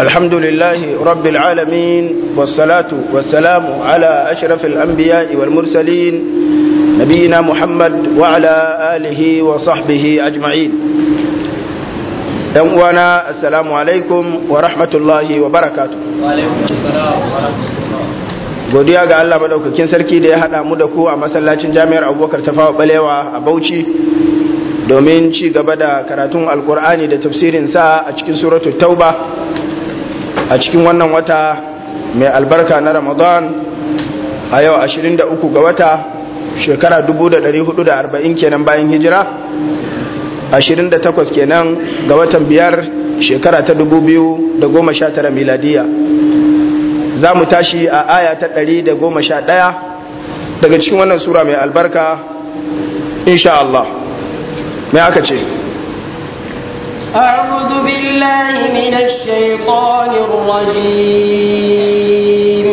الحمد لله رب العالمين والصلاة والسلام على أشرف الأنبياء والمرسلين نبينا محمد وعلى آله وصحبه أجمعين وانا السلام عليكم ورحمة الله وبركاته godiya ga Allah madaukakin sarki da ya hada mu da ku a masallacin jami'ar Abubakar Tafawa Balewa a Bauchi domin ci gaba da karatun alkur'ani da tafsirin sa a cikin suratu tauba a cikin wannan wata mai albarka na ramadan a yau 23 ga wata shekara 1440 kenan bayan hijira 28 kenan ga watan biyar shekara ta 2019 miladiya za mu tashi a aya ta 111 daga cikin wannan sura mai albarka insha Allah ما أعوذ بالله من الشيطان الرجيم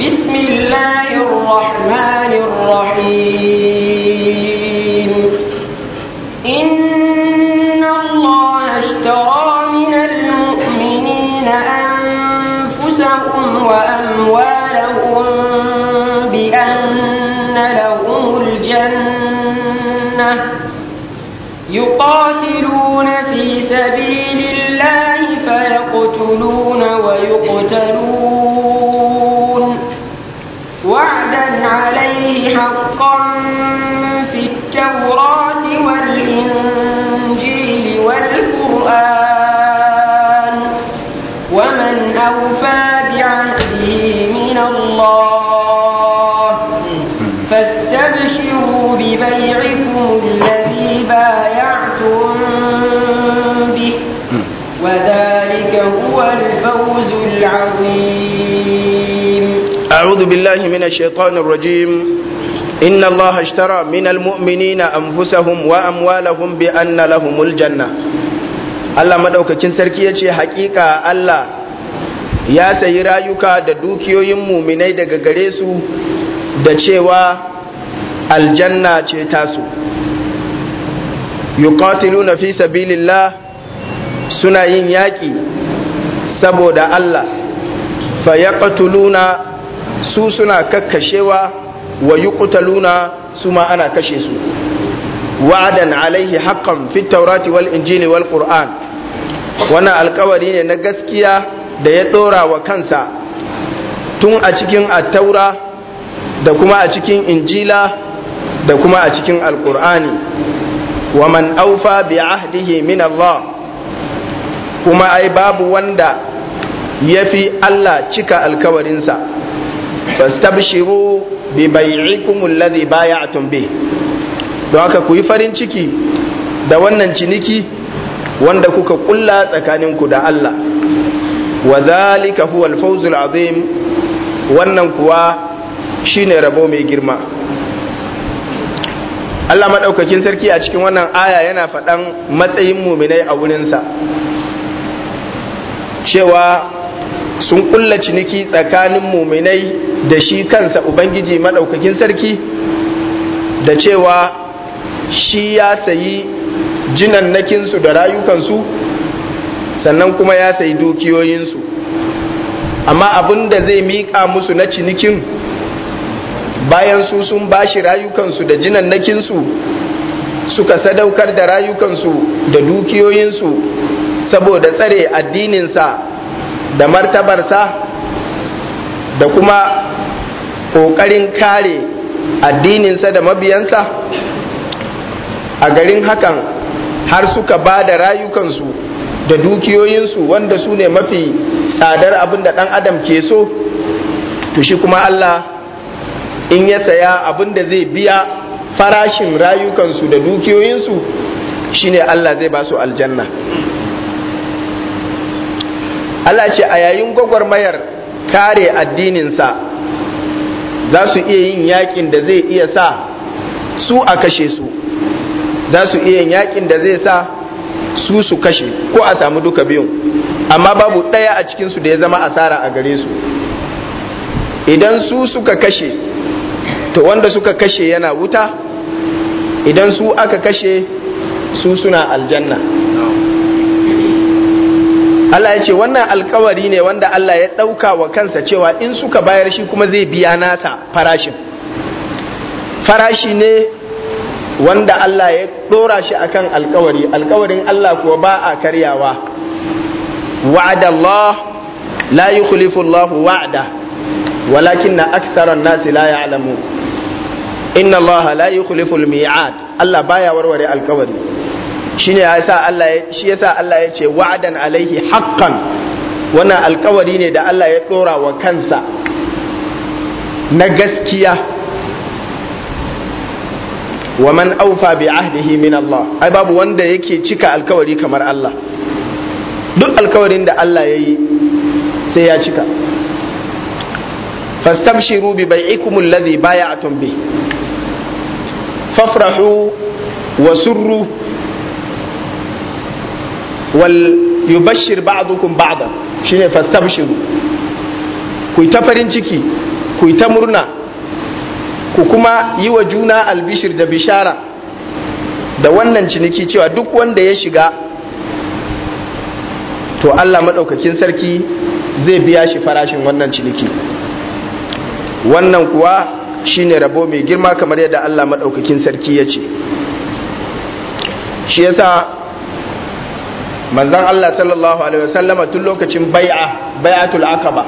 بسم الله الرحمن الرحيم إن الله اشترى من المؤمنين أنفسهم وأنفسهم يقاتلون في سبيل الله فيقتلون ويقتلون وعدا عليه حقا في التوراة والإنجيل والقرآن ومن أوفى بعهده من الله فاستبشروا ببيعكم الذي أعوذ بالله من الشيطان الرجيم إن الله اشترى من المؤمنين أنفسهم وأموالهم بأن لهم الجنة Allah madaukakin sarki ya ce hakika Allah ya sayi rayuka da dukiyoyin muminai daga gare da cewa aljanna ce tasu yuqatiluna fi suna yin yaƙi saboda Allah su suna kakkashewa wa yuqtaluna su ma ana kashe su wa'adan alaihi haqqan fit taurati wal injili wal qur'an wannan alkawari ne na gaskiya da ya ɗora wa kansa tun a cikin attaura da kuma a cikin injila da kuma a cikin alkur'ani wa man aufa bi ahdihi min Allah kuma ai babu wanda ya fi Allah cika alkawarinsa fastabshiru bi bai'ikum alladhi bay'atum bih don haka ku yi farin ciki da wannan ciniki wanda kuka kulla tsakanin ku da Allah wa zalika huwa al azim wannan kuwa shine rabo mai girma Allah madaukakin sarki a cikin wannan aya yana faɗan matsayin muminai a wurinsa cewa sun kulla ciniki tsakanin muminai da shi kansa ubangiji maɗaukakin sarki da cewa shi ya sayi jinannakinsu da rayukansu sannan kuma ya sayi dukiyoyinsu amma abin da zai miƙa musu na cinikin bayan su sun bashi rayukansu da jinannakinsu suka sadaukar da rayukansu da dukiyoyinsu saboda tsare addininsa da martabarsa da kuma ƙoƙarin kare addininsa da mabiyansa a garin hakan har suka ba da rayukansu da dukiyoyinsu wanda su ne mafi tsadar abin da ɗan adam ke so to shi kuma Allah in ya saya abin da zai biya farashin rayukansu da dukiyoyinsu shine Allah zai ba su aljanna Allah ce a yayin gwagwarmayar kare addininsa za su iya yin yakin da zai iya sa su a kashe su za su iya yin yakin da zai sa su su kashe ko a samu duka biyun amma babu ɗaya a cikinsu da ya zama asara a gare su idan su suka kashe to wanda suka kashe yana wuta idan su aka kashe su suna aljanna Allah ya ce wannan alkawari ne wanda Allah ya ɗauka wa kansa cewa in suka bayar shi kuma zai biya nasa farashin farashi ne wanda Allah ya ɗora shi akan alkawari alkawarin Allah kuwa ba a karyawa wa'ada Allah la yukhlifu Allah wa'ada walakin na aksaran nasi la ya'lamu inna Allah la yi al-mi'ad Allah baya warware alkawari shine yasa Allah shi yasa Allah ya ce wa'adan alaihi haqqan wannan alkawari ne da Allah ya dora wa kansa na gaskiya wa man awfa bi ahdihi min Allah ai babu wanda yake cika alkawari kamar Allah duk alkawarin da Allah ya yi sai ya cika fastabshiru bi bai'ikum alladhi bay'atum bi fafrahu wa surru wal yubashshir ba'dukum ba'da shine fastabshiru ku ta farin ciki ku ta murna ku kuma yi wa juna albishir da bishara da wannan ciniki cewa duk wanda ya shiga to Allah maɗaukakin sarki zai biya shi farashin wannan ciniki wannan kuwa shine rabo mai girma kamar yadda Allah maɗaukakin sarki ya ce shi yasa manzon Allah sallallahu alaihi wasallama tun lokacin bai'a bai'atul ba.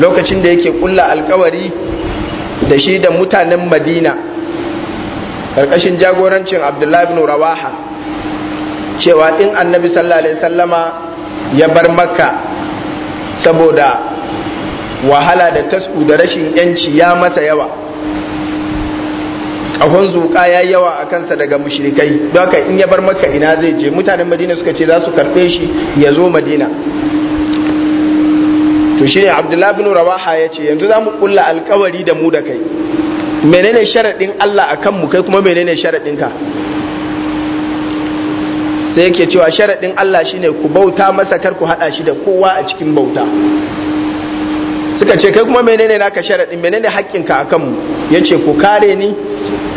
lokacin da yake kulla alkawari da shi da mutanen Madina ƙarƙashin jagorancin Abdullahi bin Rawaha cewa in Annabi sallallahu alaihi wasallama ya bar Makka saboda wahala da tasku da rashin yanci ya masa yawa akwai zuka ya yawa a kansa daga mushrikai don in ya bar maka ina zai je mutanen madina suka ce za su karɓe shi ya zo madina to shi ne abdullahi bin rawaha ya ce yanzu za mu kulla alkawari da mu da kai menene sharaɗin allah a kanmu kai kuma menene sharaɗin ka sai yake cewa sharaɗin allah shine ku bauta masa kar ku haɗa shi da kowa a cikin bauta suka ce kai kuma menene naka sharaɗin menene haƙƙinka a kanmu ya ce ku kare ni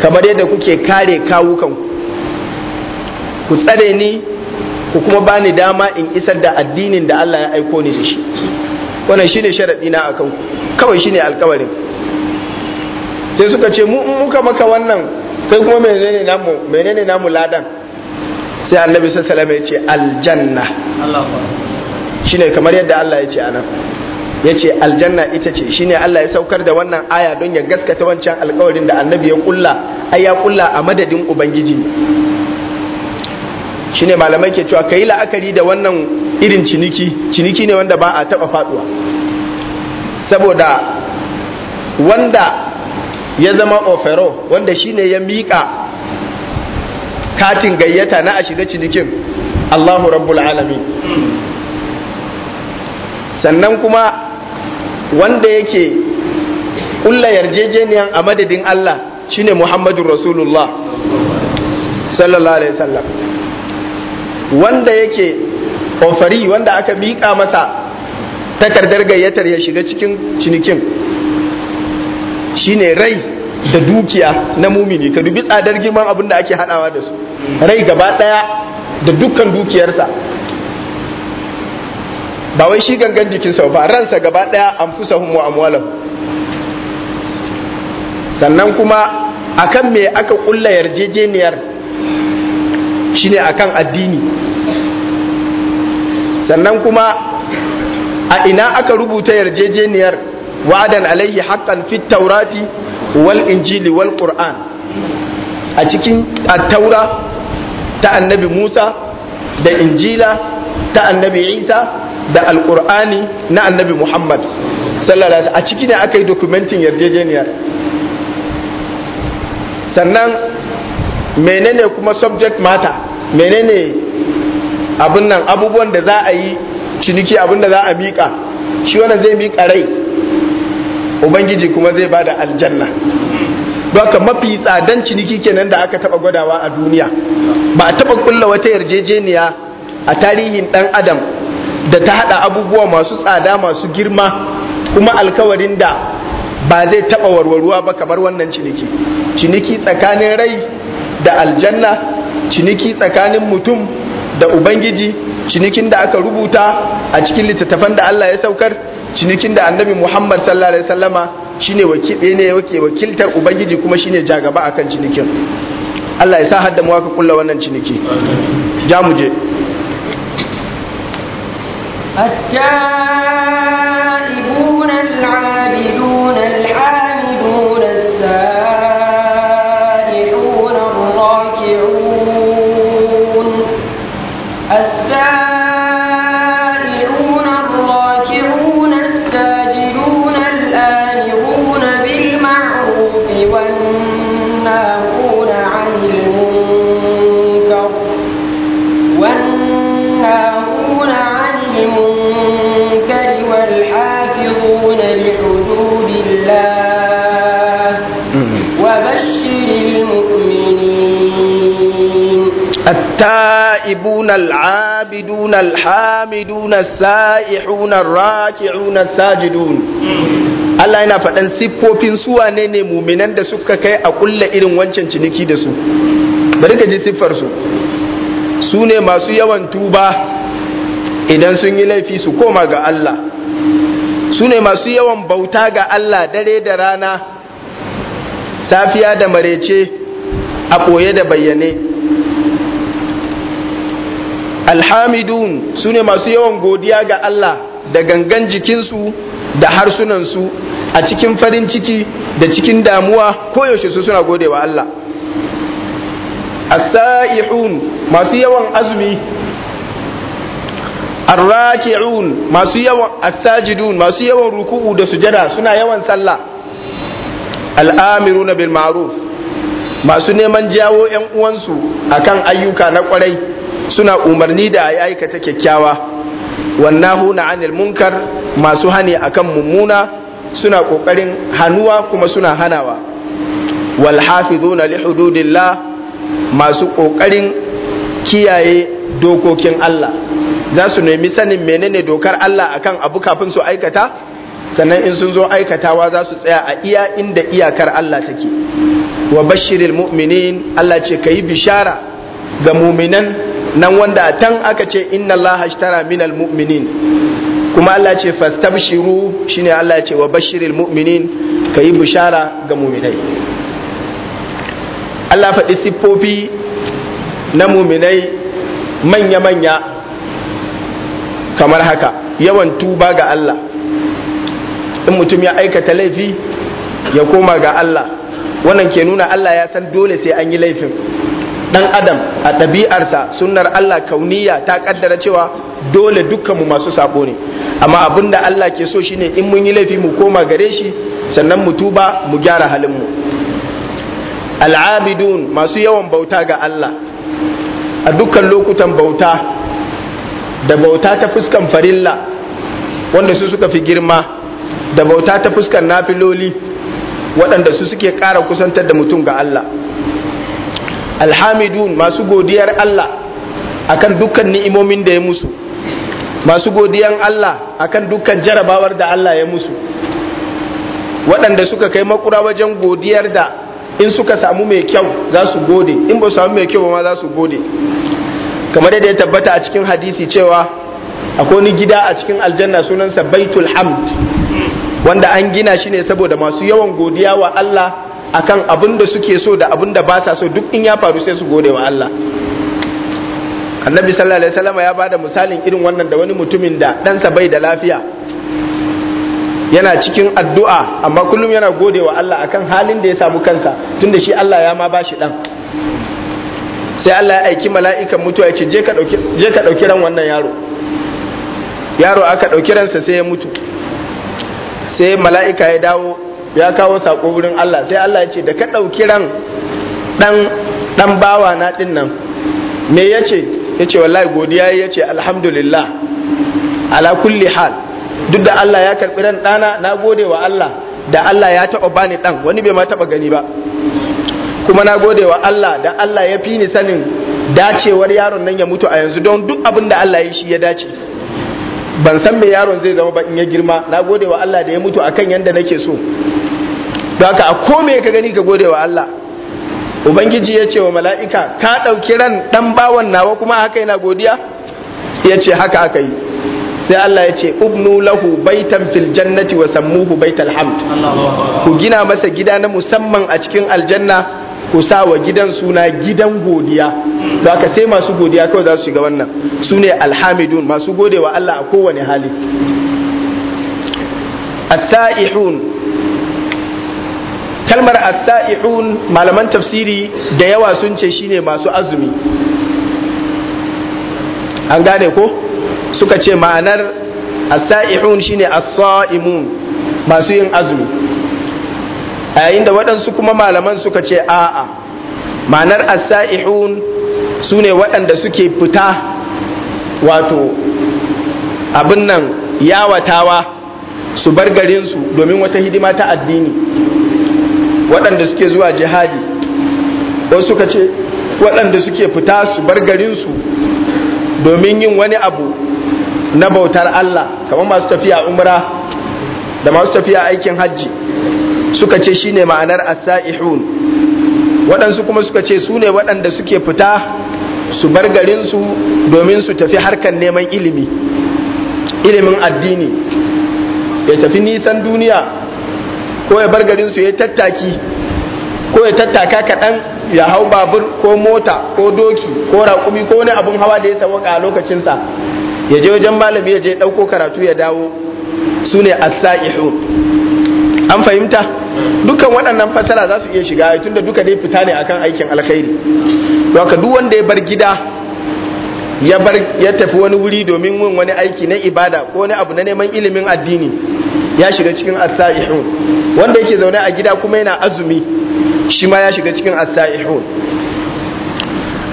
kamar yadda kuke kare kawukanku ku tsare ni ku kuma ba ni dama in isar da addinin da Allah ya aiko ni da shi wannan shine sharadi na akan ku kawai shine alkawarin sai suka ce mu muka maka wannan kai kuma menene namu menene namu ladan sai annabi sallallahu alaihi wasallam ya ce aljanna shine kamar yadda Allah ya ce anan yace aljanna ita ce shine Allah ya saukar da wannan aya don ya gaskata wancan alkawarin da annabi ya kulla a ya kulla a madadin ubangiji shine malamai ke cewa yi la'akari da wannan irin ciniki ciniki ne wanda ba a taba faduwa saboda wanda ya zama ofero wanda shine ya miƙa katin gayyata na a shiga cinikin Allahu rabbul alamin sannan kuma wanda yake kulla yarjejeniyan a madadin Allah shine Muhammadu Rasulullah sallallahu alaihi wasallam wanda yake ofari wanda aka miƙa masa takardar gayyatar ya shiga cikin cinikin shine rai da dukiya na mumini ka dubi tsadar girman abin da ake hadawa da su rai gaba daya da dukkan dukiyarsa ba wai shi gangan jikinsa ba ransa gaba daya fusa hun amwalahum sannan kuma akan me aka kulla yarjejeniyar shine akan addini sannan kuma a ina aka rubuta yarjejeniyar wa'adan alaihi haqqan fittaurati taurati wal injili wal qur'an a cikin taura ta annabi Musa da injila ta annabi Isa da alkur'ani na annabi muhammad sallallahu alaihi a ciki ne aka yi dokumentin yarjejeniyar sannan menene kuma subject matter menene abin nan abubuwan da za a yi ciniki abin da za a miƙa shi wannan zai miƙa rai ubangiji kuma zai bada da aljanna baka mafi tsadan ciniki kenan da aka taba gwadawa a duniya ba a taba kulla wata yarjejeniya a tarihin dan adam da ta hada abubuwa masu tsada masu girma kuma alkawarin da ba zai taba warwarwa ba kamar wannan ciniki ciniki tsakanin rai da aljanna ciniki tsakanin mutum da ubangiji cinikin da aka rubuta a cikin littattafan da Allah ya saukar cinikin da annabi Muhammad sallallahu alaihi wasallama shine ne yake wakiltar ubangiji kuma shine jagaba akan cinikin Allah ya sa haddamu mu aka kulla wannan ciniki jamuje je التائبون العابدون التائبون العابدون الحامدون السائحون الراكعون الساجدون Allah yana faɗan siffofin su ne ne muminan da suka kai a kulla irin wancan ciniki da su bari ka ji siffar su su ne masu yawan tuba idan sun yi laifi su koma ga Allah su ne masu yawan bauta ga Allah dare da rana safiya da marece a ɓoye da bayyane alhamidun su ne masu yawan godiya ga Allah da gangan jikinsu da harsunansu a cikin farin ciki da cikin damuwa koyaushe su suna gode wa Allah Asa'ihun masu yawan azumi arraki'un masu yawan Asajidun masu yawan ruku'u da sujada suna yawan sallah al'amiruna bil ma'ruf masu neman jawo 'yan uwansu akan ayyuka na kwarai suna umarni da ya aikata kyakkyawa Wannan huna anil munkar masu hani akan mummuna suna ƙoƙarin hannuwa kuma suna hanawa wal hafizuna li hududillah masu kokarin kiyaye dokokin Allah za su nemi sanin menene dokar Allah akan abu kafin su aikata sannan in sun zo aikatawa za su tsaya a iya inda iyakar Allah take wa bashiril mu'minin Allah ce kayi bishara ga muminan nan wanda tan aka ce inna Allah hashtara minal mu'minin kuma Allah ce fastabshiru shine Allah ce wa bashiril mu'minin kayi bishara ga mu'minai Allah faɗi siffofi na mu'minai manya-manya kamar haka yawan tuba ga Allah in mutum ya aikata laifi ya koma ga Allah wannan ke nuna Allah ya san dole sai an yi laifin dan adam a ɗabi'arsa sunnar Allah kauniya ta kaddara cewa dole dukkanmu masu sabo ne amma abin da Allah ke so shine in mun yi laifi mu koma gare shi sannan mu tuba mu gyara halin mu. al'abidun masu yawan bauta ga Allah a dukkan lokutan bauta da bauta ta fuskan farilla wanda su suka fi girma da bauta ta fuskan nafiloli waɗanda su suke ƙara kusantar da mutum ga Allah alhamidun masu godiyar Allah akan dukkan ni'imomin da ya musu masu godiyan Allah akan dukkan jarabawar da Allah ya musu waɗanda suka kai makura wajen godiyar da in suka samu mai kyau za su gode in ba samu mai kyau ba ma za su gode kamar yadda ya tabbata a cikin hadisi cewa akwai wani gida a cikin aljanna sunansa baitul hamd wanda an gina shi ne saboda masu yawan godiya wa Allah akan abin da suke so da abin da ba sa so duk in ya faru sai su gode wa Allah annabi sallallahu alaihi wasallam ya bada misalin irin wannan da wani mutumin da ɗansa bai da lafiya yana cikin addu'a amma kullum yana gode wa Allah akan halin da ya samu kansa tunda shi Allah ya ma bashi dan. sai Allah ya aiki mala'ikan mutuwa ya ce je ka ɗauki ran wannan yaro yaro aka ɗauki ransa sai ya mutu sai mala'ika ya dawo ya kawo sako wurin Allah sai Allah ya ce da ka ɗauki ran ɗan ɗan bawa na ɗin nan me ya ce ya ce wallahi godiya ya ce alhamdulillah ala kulli hal duk da Allah ya karɓi ran ɗana na gode wa Allah da Allah ya taɓa bani ɗan wani bai ma taɓa gani ba kuma na gode wa Allah da Allah ya fi ni sanin dacewar yaron nan ya mutu a yanzu don duk abin da Allah ya shi ya dace ban san me yaron zai zama ba in ya girma na gode wa Allah da ya mutu akan yanda nake so da haka a kome ka gani ka gode wa Allah ubangiji ya ce wa mala'ika ka ɗauki ran ɗan bawan nawa kuma haka yana godiya ya ce haka aka yi sai Allah ya ce ubnu lahu baitan fil jannati wa sammuhu baital hamd ku gina masa gida na musamman a cikin aljanna ku sa wa gidan suna gidan godiya da ka sai masu godiya kawai za su shiga wannan su ne alhamidun masu gode wa Allah a kowane hali as-sa'ihun kalmar asa'i'un malaman tafsiri da yawa sun ce shine masu azumi an gane ko suka ce ma'anar asa'i'un shine as-sa'imun masu yin azumi a yayin da waɗansu kuma malaman suka ce a'a ma'anar asa'i'un su ne waɗanda suke fita wato abin nan yawatawa su bar garinsu domin wata hidima ta addini waɗanda suke zuwa jihadi wasu suka ce waɗanda suke fita su bar garinsu domin yin wani abu na bautar Allah kamar masu tafiya umra da masu tafiya aikin hajji suka ce shine ma'anar as-sa'ihun waɗansu kuma suka ce su ne waɗanda suke fita su bar garinsu domin su tafi harkar neman ilimi ilimin addini ya tafi nisan duniya ko ya bar garin su ya tattaki ko ya tattaka kaɗan ya hau babur ko mota ko doki ko raƙumi ko wani abun hawa da ya sauka a lokacinsa ya je wajen malami ya je ɗauko karatu ya dawo su ne an fahimta dukkan waɗannan fasara za su iya shiga tunda duka dai fita ne akan aikin alkhairi haka duk wanda ya bar gida ya tafi wani wuri domin yin wani aiki na ibada ko wani abu na neman ilimin addini ya shiga cikin as wanda yake zaune a gida kuma yana azumi shi ma ya shiga cikin as-sa'ihun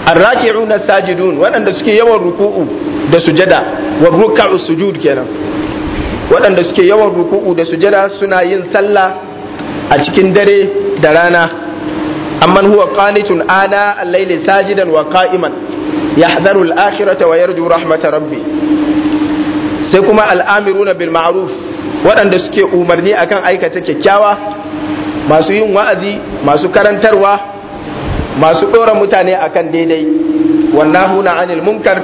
ar sajidun waɗanda suke yawan ruku'u da sujada wa ruk'u sujud kenan waɗanda suke yawan ruku'u da sujada suna yin sallah a cikin dare da rana amman huwa qanitun ana al-layli sajidan wa qa'iman yahdharu al-akhirata wa yarju rahmata rabbi sai kuma al-amiruna bil ma'ruf waɗanda suke umarni akan aikata kyakkyawa masu yin wa'azi masu karantarwa masu ɗora mutane akan daidai wannan huna anil munkar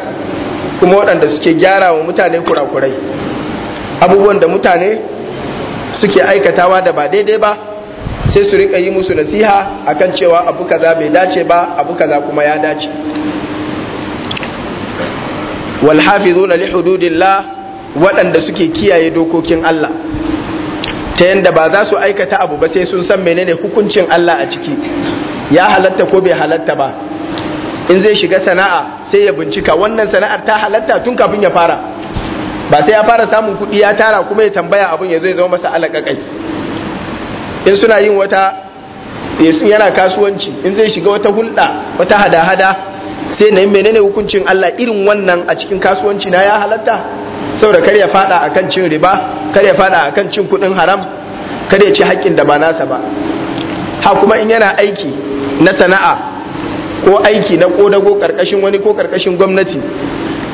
kuma waɗanda suke gyara wa mutane kurakurai abubuwan da mutane suke aikatawa da ba daidai ba sai su riƙa yi musu nasiha akan cewa abu kaza bai dace ba abu kaza kuma ya dace والحافظون لحدود الله waɗanda suke kiyaye dokokin Allah ta yadda ba za su aikata abu ba sai sun san menene hukuncin Allah a ciki ya halatta ko bai halatta ba in zai shiga sana'a sai ya bincika wannan sana'ar ta halatta tun kafin ya fara ba sai ya fara samun kuɗi ya tara kuma ya tambaya abin ya zai zama masa alaƙaƙai in suna yin wata yana kasuwanci in zai shiga wata hulɗa wata hada-hada sai na yi menene hukuncin Allah irin wannan a cikin kasuwanci na ya halatta saboda kar ya fada akan cin riba kar ya fada akan cin kudin haram kar ya ci haƙƙin da ba nasa ba ha kuma in yana aiki na sana'a ko aiki na ƙodago karkashin wani ko karkashin gwamnati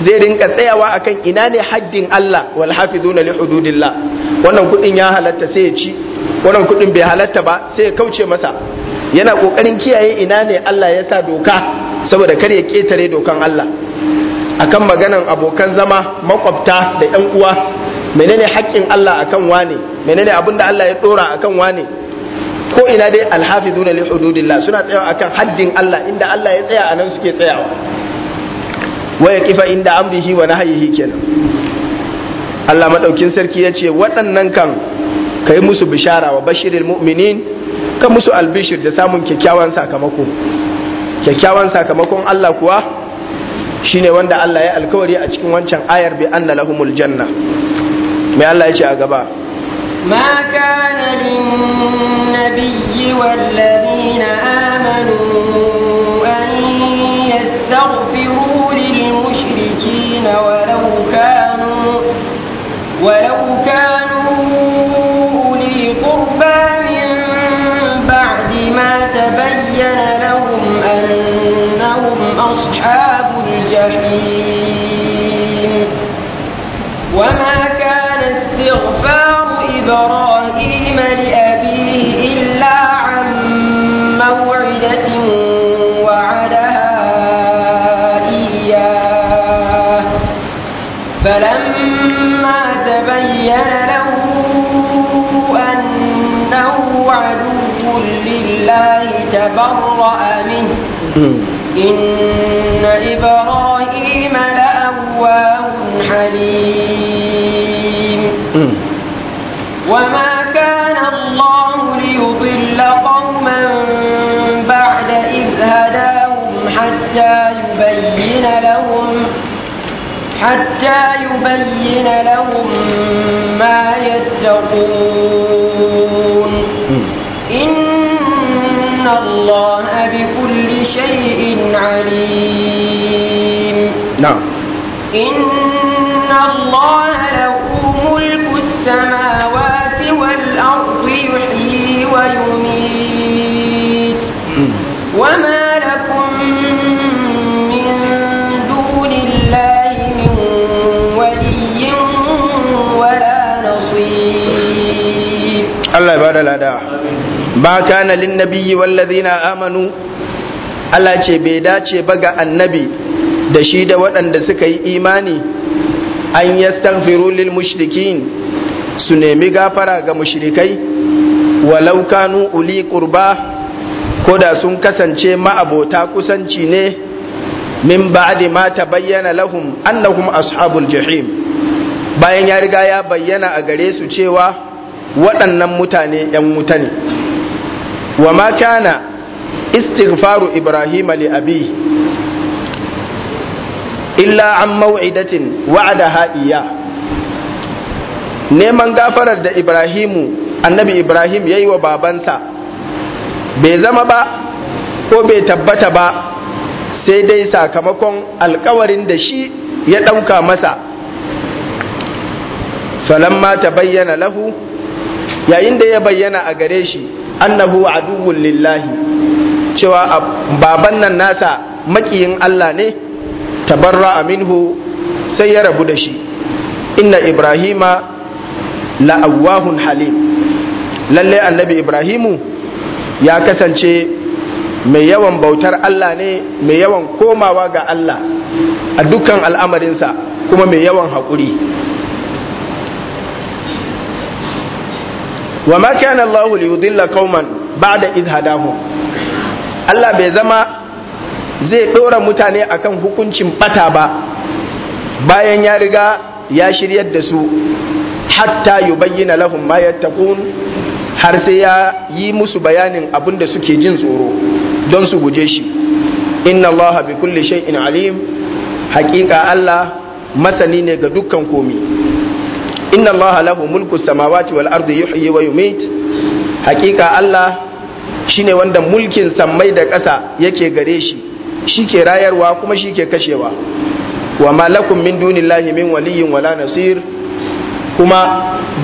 zai rinka tsayawa akan ina ne haddin Allah wal hafizuna li hududillah wannan kudin ya halatta sai ya ci wannan kudin bai halatta ba sai ya kauce masa yana kokarin kiyaye ina ne Allah ya sa doka saboda kar ya ketare dokan Allah akan maganan abokan zama makwabta da yan uwa menene haƙƙin Allah akan wane menene abin da Allah ya dora akan wane ko ina dai alhafizuna li hududillah suna tsayawa akan haddin Allah inda Allah ya tsaya anan suke tsayawa waya kifa inda amrihi wa nahyihi kenan Allah madaukin sarki ya ce waɗannan kan kai musu bishara wa bashiril mu'minin kan musu albishir da samun kyakkyawan sakamako kyakkyawan sakamakon Allah kuwa shine wanda Allah ya alkawari a cikin wancan ayar bi anna lahumul janna mai Allah ya ce a gaba ma kana lin nabiyyi wal ladina amanu an yastaghfiru lil mushrikeen walau kanu walau kanu uli qurba min ba'di ma tabayyana lahum annahum ashab الرحيم وما كان استغفار إبراهيم لأبيه إلا عن موعدة وعدها إياه فلما تبين له أنه عدو لله تبرأ منه إن إبراهيم وما كان الله ليضل قوما بعد إذ هداهم حتى يبين لهم حتى يبين لهم ما يتقون إن الله بكل شيء عليم نعم إن Allah ba da lada ba ka nalin nabiyi wallazi na amanu Allah ce bai dace ba ga annabi da shi da waɗanda suka yi imani an yi yastaghfiru lil mushrikin su nemi gafara ga mushrikai walau kanu uli kurba ko da sun kasance ma'abota kusanci ne min ba'adi ma bayyana lahum annahum ashabul jahim bayan ya riga ya bayyana a gare su cewa waɗannan mutane 'yan wuta ne wa ma kana istighfaru ibrahim li abi illa an mau'idatin wa'adaha iya neman gafarar da ibrahimu annabi ibrahim ya yi wa babansa bai zama ba ko bai tabbata ba sai dai sakamakon alkawarin da shi ya ɗauka masa falamma ta bayyana lahu yayin da ya bayyana a gare shi annahu aduwwun lillahi cewa baban nan nasa makiyin Allah ne tabarra aminhu sai ya rabu da shi inna ibrahima la'awahun halim lalle annabi ibrahimu ya kasance mai yawan bautar Allah ne mai yawan komawa ga Allah a dukkan al'amarinsa kuma mai yawan haƙuri wa ma kana Allah liyudilla qauman ba'da idh Allah bai zama zai ɗora mutane akan hukuncin ɓata ba bayan ya riga ya shiryar da su hatta yi bayyana lahun ma har sai ya yi musu bayanin abin da suke jin tsoro don su guje shi inna allaha bi kulli shay'in alim haƙiƙa allah masani ne ga dukkan komi inna allaha lahu mulku samawati wal ardi yuhyi wa yumit haƙiƙa allah shine wanda mulkin sammai da ƙasa yake gare shi shi ke rayarwa kuma shi ke kashewa wa malakum min dunillahi min waliyin wala nasir kuma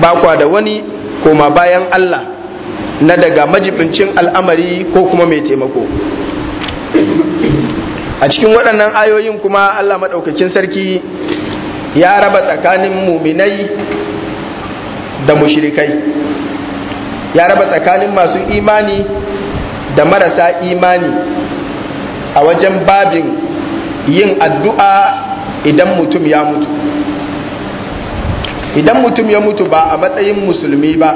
bakwa da wani koma bayan Allah na daga majibincin al'amari ko kuma mai taimako a cikin waɗannan ayoyin kuma Allah maɗaukakin sarki ya raba tsakanin muminai da mushrikai ya raba tsakanin masu imani da marasa imani a wajen babin yin addu'a idan mutum ya mutu idan mutum ya mutu ba a matsayin musulmi ba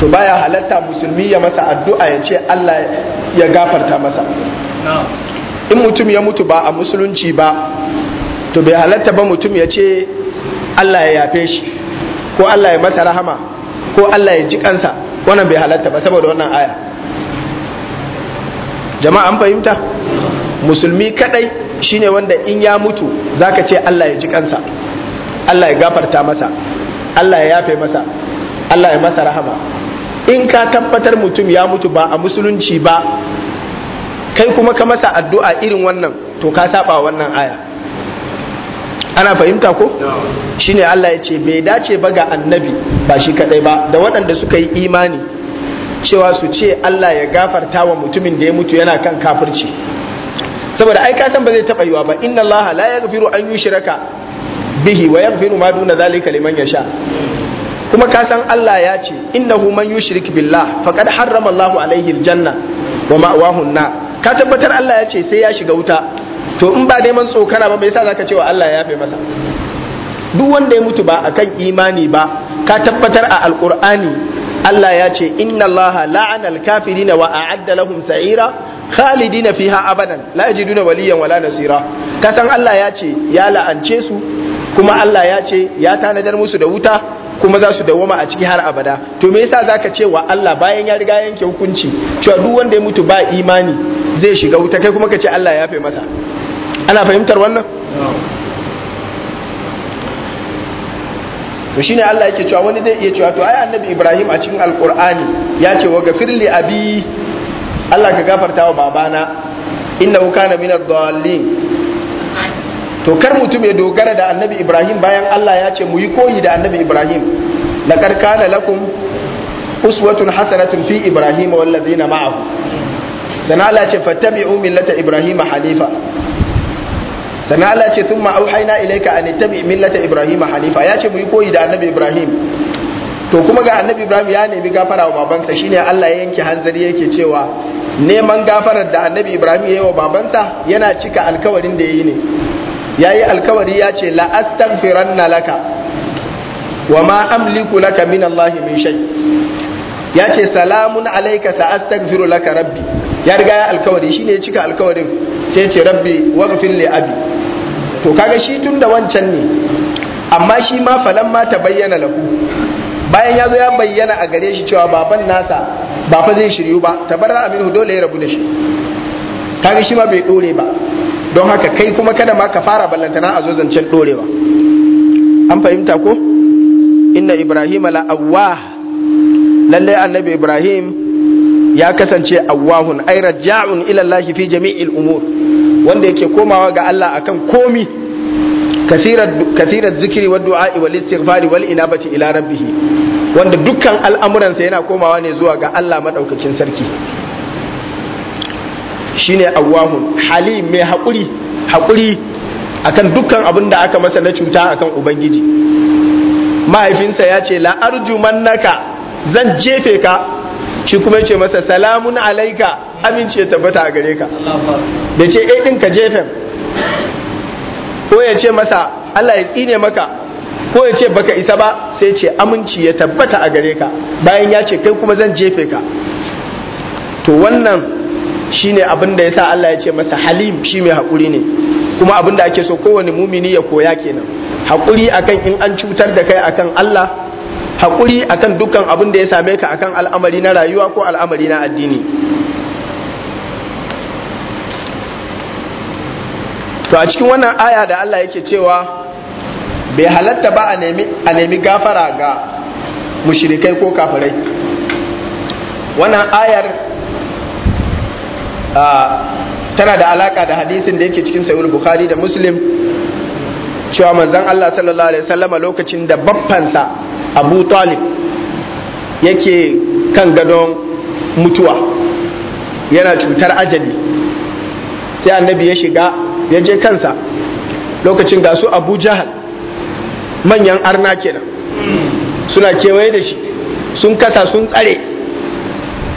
to baya halatta musulmi ya masa addu'a ya ce Allah ya gafarta masa in mutum ya mutu ba a musulunci ba to bai halatta ba mutum ya ce Allah ya yafe shi ko Allah ya masa rahama ko Allah ya ji kansa wannan bai halatta ba saboda wannan aya jama'a an fahimta musulmi kadai shine wanda in ya mutu zaka ce Allah ya ji kansa Allah ya gafarta masa Allah ya yafe masa Allah ya masa rahama in ka tabbatar mutum ya mutu ba a musulunci ba kai kuma ka masa addu'a irin wannan to ka saba wannan aya ana fahimta ko shine Allah ya ce bai dace ba ga annabi ba shi kadai ba da waɗanda suka yi imani cewa su ce Allah ya gafarta wa mutumin da ya mutu yana kan kafirci saboda ai ka san ba zai taba yiwa ba inna Allah la yaghfiru an yushraka bihi wa yaghfiru ma duna zalika liman yasha kuma ka san Allah ya ce innahu man yushrik billah faqad harrama Allahu alaihi aljanna wa ma'wahu na. ka tabbatar Allah ya ce sai ya shiga wuta to in ba neman tsokana ba me yasa zaka ce wa Allah ya yafe masa duk wanda ya mutu ba akan imani ba ka tabbatar a alqur'ani Allah ya ce inna Allah la'ana al-kafirina wa a'adda lahum sa'ira khalidina fiha abadan la yajiduna waliyan wala nasira kasan Allah ya ce ya la'ance su kuma Allah ya ce ya tanadar musu da wuta kuma za su dawoma a ciki har abada to me yasa zaka ce wa Allah bayan ya riga yanke hukunci cewa duk wanda ya mutu ba imani zai shiga wuta kai kuma ka ce Allah ya fe masa ana fahimtar wannan to shine Allah yake cewa wani zai iya cewa to ai annabi Ibrahim a cikin alqur'ani ya ce wa gafirli abi Allah ka gafarta wa babana innahu kana min ad-dallin to kar mutum ya dogara da annabi Ibrahim bayan Allah ya ce mu yi koyi da annabi Ibrahim laqad kana lakum uswatun hasanatun fi Ibrahim wal ladina ma'ahu sana Allah ce fattabi'u millata Ibrahim hanifa sannan Allah ce sun ma'auhaina ilaika an tabi millata ibrahim hanifa ya ce mu yi koyi da annabi ibrahim to kuma ga annabi ibrahim ya nemi gafara wa babansa shine Allah ya yanke hanzari yake cewa neman gafarar da annabi ibrahim ya yi wa babansa yana cika alkawarin da ya yi ne ya yi alkawari ya ce la astaghfiranna laka wa ma amliku laka min Allah min shay ya ce salamun alaika sa astaghfiru laka rabbi ya riga ya alkawari shine ya cika alkawarin ce ce rabbi waghfir li abi to kaga shi tun da wancan ne amma shi ma falan ma ta bayyana lahu bayan ya zo ya bayyana a gare shi cewa baban nasa ba fa zai shiryu ba tabarra aminu dole ya rabu da shi kaga shi ma bai dore ba don haka kai kuma kada ma ka fara ballantana a zo zancen dorewa an fahimta ko inna ibrahim la awwah lalle annabi ibrahim ya kasance awwahun ay raja'un ila fi jami'il umur wanda yake komawa ga Allah akan komi kasirar zikiri wa du'a'i wal istighfari wal inabati ila rabbih wanda dukkan al'amuransa yana komawa ne zuwa ga Allah madaukakin sarki shine awwahun halim mai hakuri Hakuri, akan dukkan abin da aka masa na cuta akan ubangiji mahaifinsa ya ce la mannaka zan jefe ka shi kuma ya ce masa salamun alaika aminci ya tabbata a gare ka da ce ɗai eh, ɗinka ka jefen ko ya ce masa Allah ya tsine maka ko ya ce baka isa ba sai ce aminci ya tabbata a gare ka bayan ya ce kai kuma zan jefe ka to wannan shine abinda ya yasa Allah ya ce masa halim shi mai haƙuri ne kuma abinda ake so kowane mumini ya koya kenan haƙuri akan in an cutar da kai akan Allah haƙuri akan dukkan abin da ya same ka akan al'amari na rayuwa ko al'amari na addini to a cikin wannan aya da Allah yake cewa bai halatta ba a nemi gafara ga mushirikai ko kafirai wannan ayar tana da alaka da hadisin da yake cikin sayul bukhari da muslim cewa manzan Allah sallallahu alaihi wasallama lokacin da baffansa abu talib yake kan gadon mutuwa yana cutar ajali sai annabi ya shiga ya je kansa lokacin ga su abu jahal manyan arna kenan suna kewaye da shi sun kasa sun tsare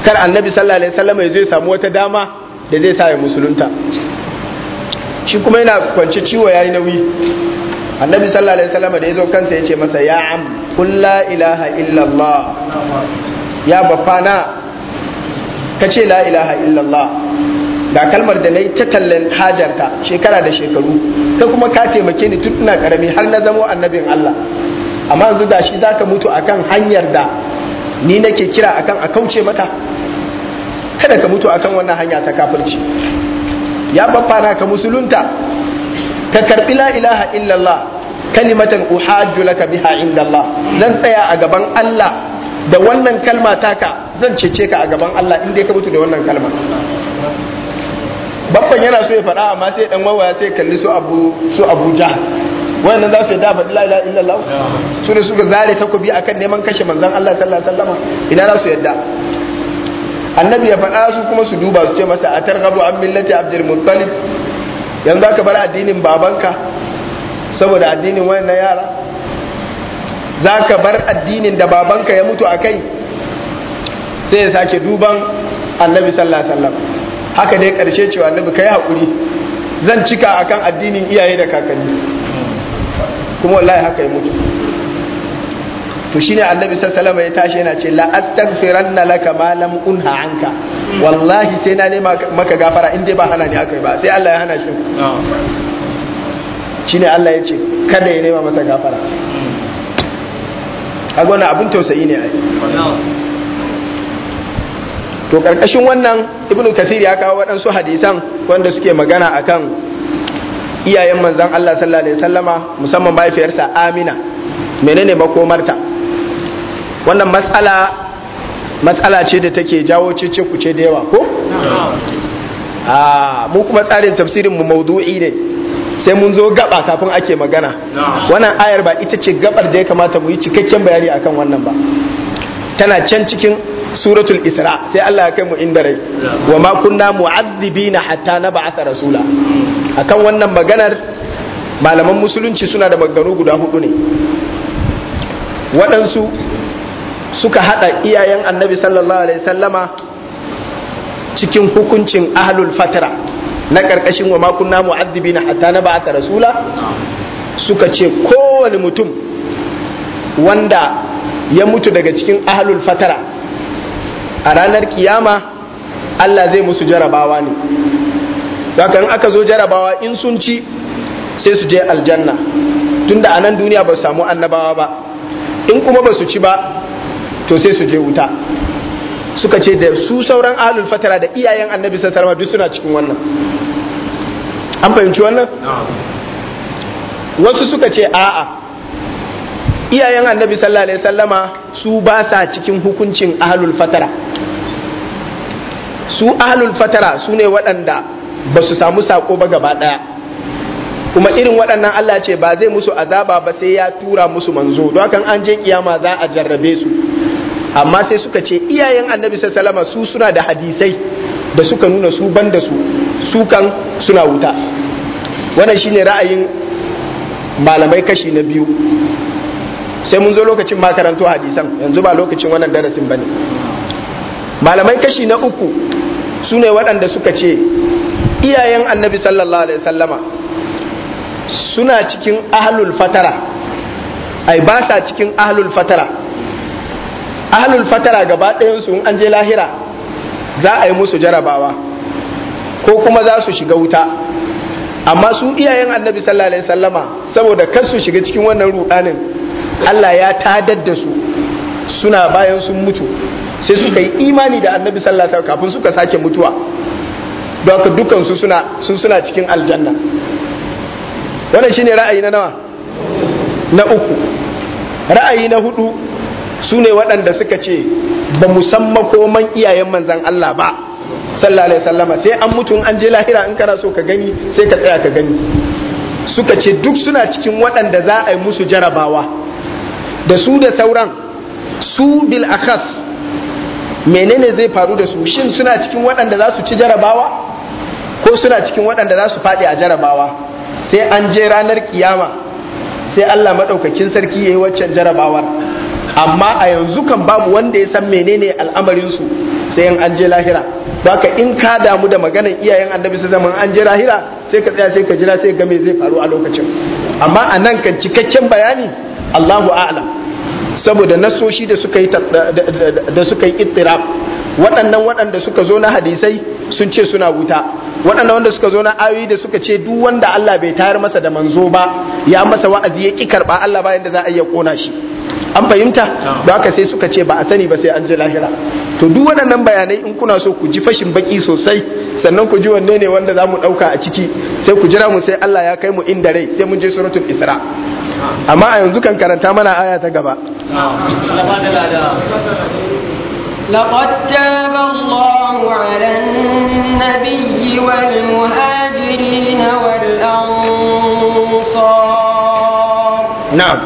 kar annabi sallallahu alaihi wasallam ya zai samu wata dama da zai sa ya musulunta shi kuma yana kwance ciwo yayi nauyi annabi sallallahu alaihi wasallam da ya zo kansa yace ce masa ya am qul la ilaha illallah ya bafana ka la ilaha illallah ga kalmar da na yi ta tallan hajarta shekara da shekaru ka kuma ka taimake ni tun ina karami har na zamo annabin Allah amma yanzu da shi zaka mutu akan hanyar da ni nake kira akan a kauce mata kada ka mutu akan wannan hanya ta kafirci ya babbana ka musulunta ka karbi la ilaha illallah kalimatan uhajju laka biha indallah zan tsaya a gaban Allah da wannan kalma taka zan cece ka a gaban Allah in dai ka mutu da wannan kalma babban yana so ya faɗa amma sai dan wawa sai kalli su abu su abuja wannan za su yi dafa la ilaha illallah su ne suka zare takobi akan neman kashe manzon Allah sallallahu alaihi wasallam ina za su yadda annabi ya faɗa su kuma su duba su ce masa a targhabu an millati abdul muttalib yanzu aka bar addinin babanka saboda addinin wayannan yara zaka bar addinin da babanka ya mutu akai sai ya sake duban annabi sallallahu alaihi wasallam haka dai karshe cewa annabi kai hakuri zan cika akan addinin iyaye da kakanni kuma wallahi haka ya mutu to shine annabi sallallahu ya tashi yana ce la astaghfiranna laka ma lam unha anka wallahi sai na nema maka gafara in dai ba hana ni yi ba sai Allah ya hana shi shine Allah ya ce kada ya nema masa gafara kaga wannan abin tausayi ne yi to karkashin wannan ibnu kasir ya kawo waɗansu hadisan wanda suke magana akan iyayen manzon Allah sallallahu alaihi wasallama musamman mahaifiyarsa Amina menene makomarta wannan matsala matsala ce da take jawo cece kuce da yawa ko a ah, mu kuma tsarin tafsirin mu maudu'i ne sai mun zo gaba kafin ake magana wannan ayar ba ita ce gabar da ya kamata mu yi cikakken bayani akan wannan ba tana can cikin suratul isra sai Allah ya kai mu inda rai wa ma kunna mu'adhibina hatta nab'atha rasula akan wannan maganar malaman musulunci suna da maganu guda hudu ne waɗansu suka hada iyayen annabi sallallahu alaihi sallama cikin hukuncin ahlul fatara na karkashin wa ma kunna mu'adhibina hatta nab'atha rasula suka ce kowane mutum wanda ya mutu daga cikin ahlul fatara a ranar kiyama Allah zai musu jarabawa ne kan aka zo jarabawa in sun ci sai su je aljanna tunda a nan duniya ba su samu annabawa ba in kuma ba su ci ba to sai su je wuta suka ce da su sauran ahlul fatara da iyayen annabi sallallahu duk suna cikin wannan an fahimci wannan wasu suka ce a'a iyayen annabi sallallahu alaihi sallama su ba sa cikin hukuncin ahlul fatara su ahlul fatara su ne waɗanda ba su samu sako ba gaba ɗaya kuma irin waɗannan Allah ce ba zai musu azaba ba sai ya tura musu manzo don haka an je kiyama za a jarrabe su amma sai suka ce iyayen annabi sallama su suna da hadisai da suka nuna su ban da su su kan suna wuta wannan shine ra'ayin malamai kashi na biyu sai mun zo lokacin makarantu hadisan yanzu ba lokacin wannan darasin bane malamai kashi na uku su ne waɗanda suka ce iyayen annabi sallallahu alaihi sallama suna cikin ahlul fatara ai ba sa cikin ahlul fatara ahlul fatara gaba ɗayansu in an je lahira za a yi musu jarabawa ko kuma za su shiga wuta amma su iyayen annabi sallallahu alaihi sallama saboda kar su shiga cikin wannan ruɗanin Allah ya tadar da su suna bayan sun mutu sai suka yi imani da annabi sallallahu alaihi kafin suka sake mutuwa don haka dukkan su suna sun suna cikin aljanna wannan shine ra'ayi na nawa na uku ra'ayi na hudu sune waɗanda suka ce ba mu san makoman iyayen manzan Allah ba sallallahu alaihi sallama sai an mutu an je lahira in kana so ka gani sai ka tsaya ka gani suka ce duk suna cikin waɗanda za a yi musu jarabawa da su da sauran su bil akas menene zai faru da su shin suna cikin waɗanda za su ci jarabawa ko suna cikin waɗanda za su faɗi a jarabawa sai an je ranar kiyama sai Allah maɗaukakin sarki ya yi waccan jarabawar amma a yanzu kan babu wanda ya san menene al'amarinsu sai an je lahira baka in ka damu da maganar iyayen annabi su zaman an je lahira sai ka tsaya sai ka jira sai ga me zai faru a lokacin amma a nan kan cikakken bayani Allahu a'lam saboda nasoshi da suka yi da suka yi ittirab waɗannan waɗanda suka zo na hadisai sun ce suna wuta waɗannan wanda suka zo na ayoyi da suka ce duk wanda Allah bai tayar masa da manzo ba ya masa wa'azi ya ki karba Allah ba yanda za a iya kona shi an fahimta da haka sai suka ce ba a sani ba sai an ji lahira to duk waɗannan bayanai in kuna so ku ji fashin baki sosai sannan ku ji wanne ne wanda za mu ɗauka a ciki sai ku jira mu sai Allah ya kai mu inda rai sai mun je suratul isra amma a yanzu kan karanta mana aya ta gaba لقد تاب الله على النبي والمهاجرين والأنصار نعم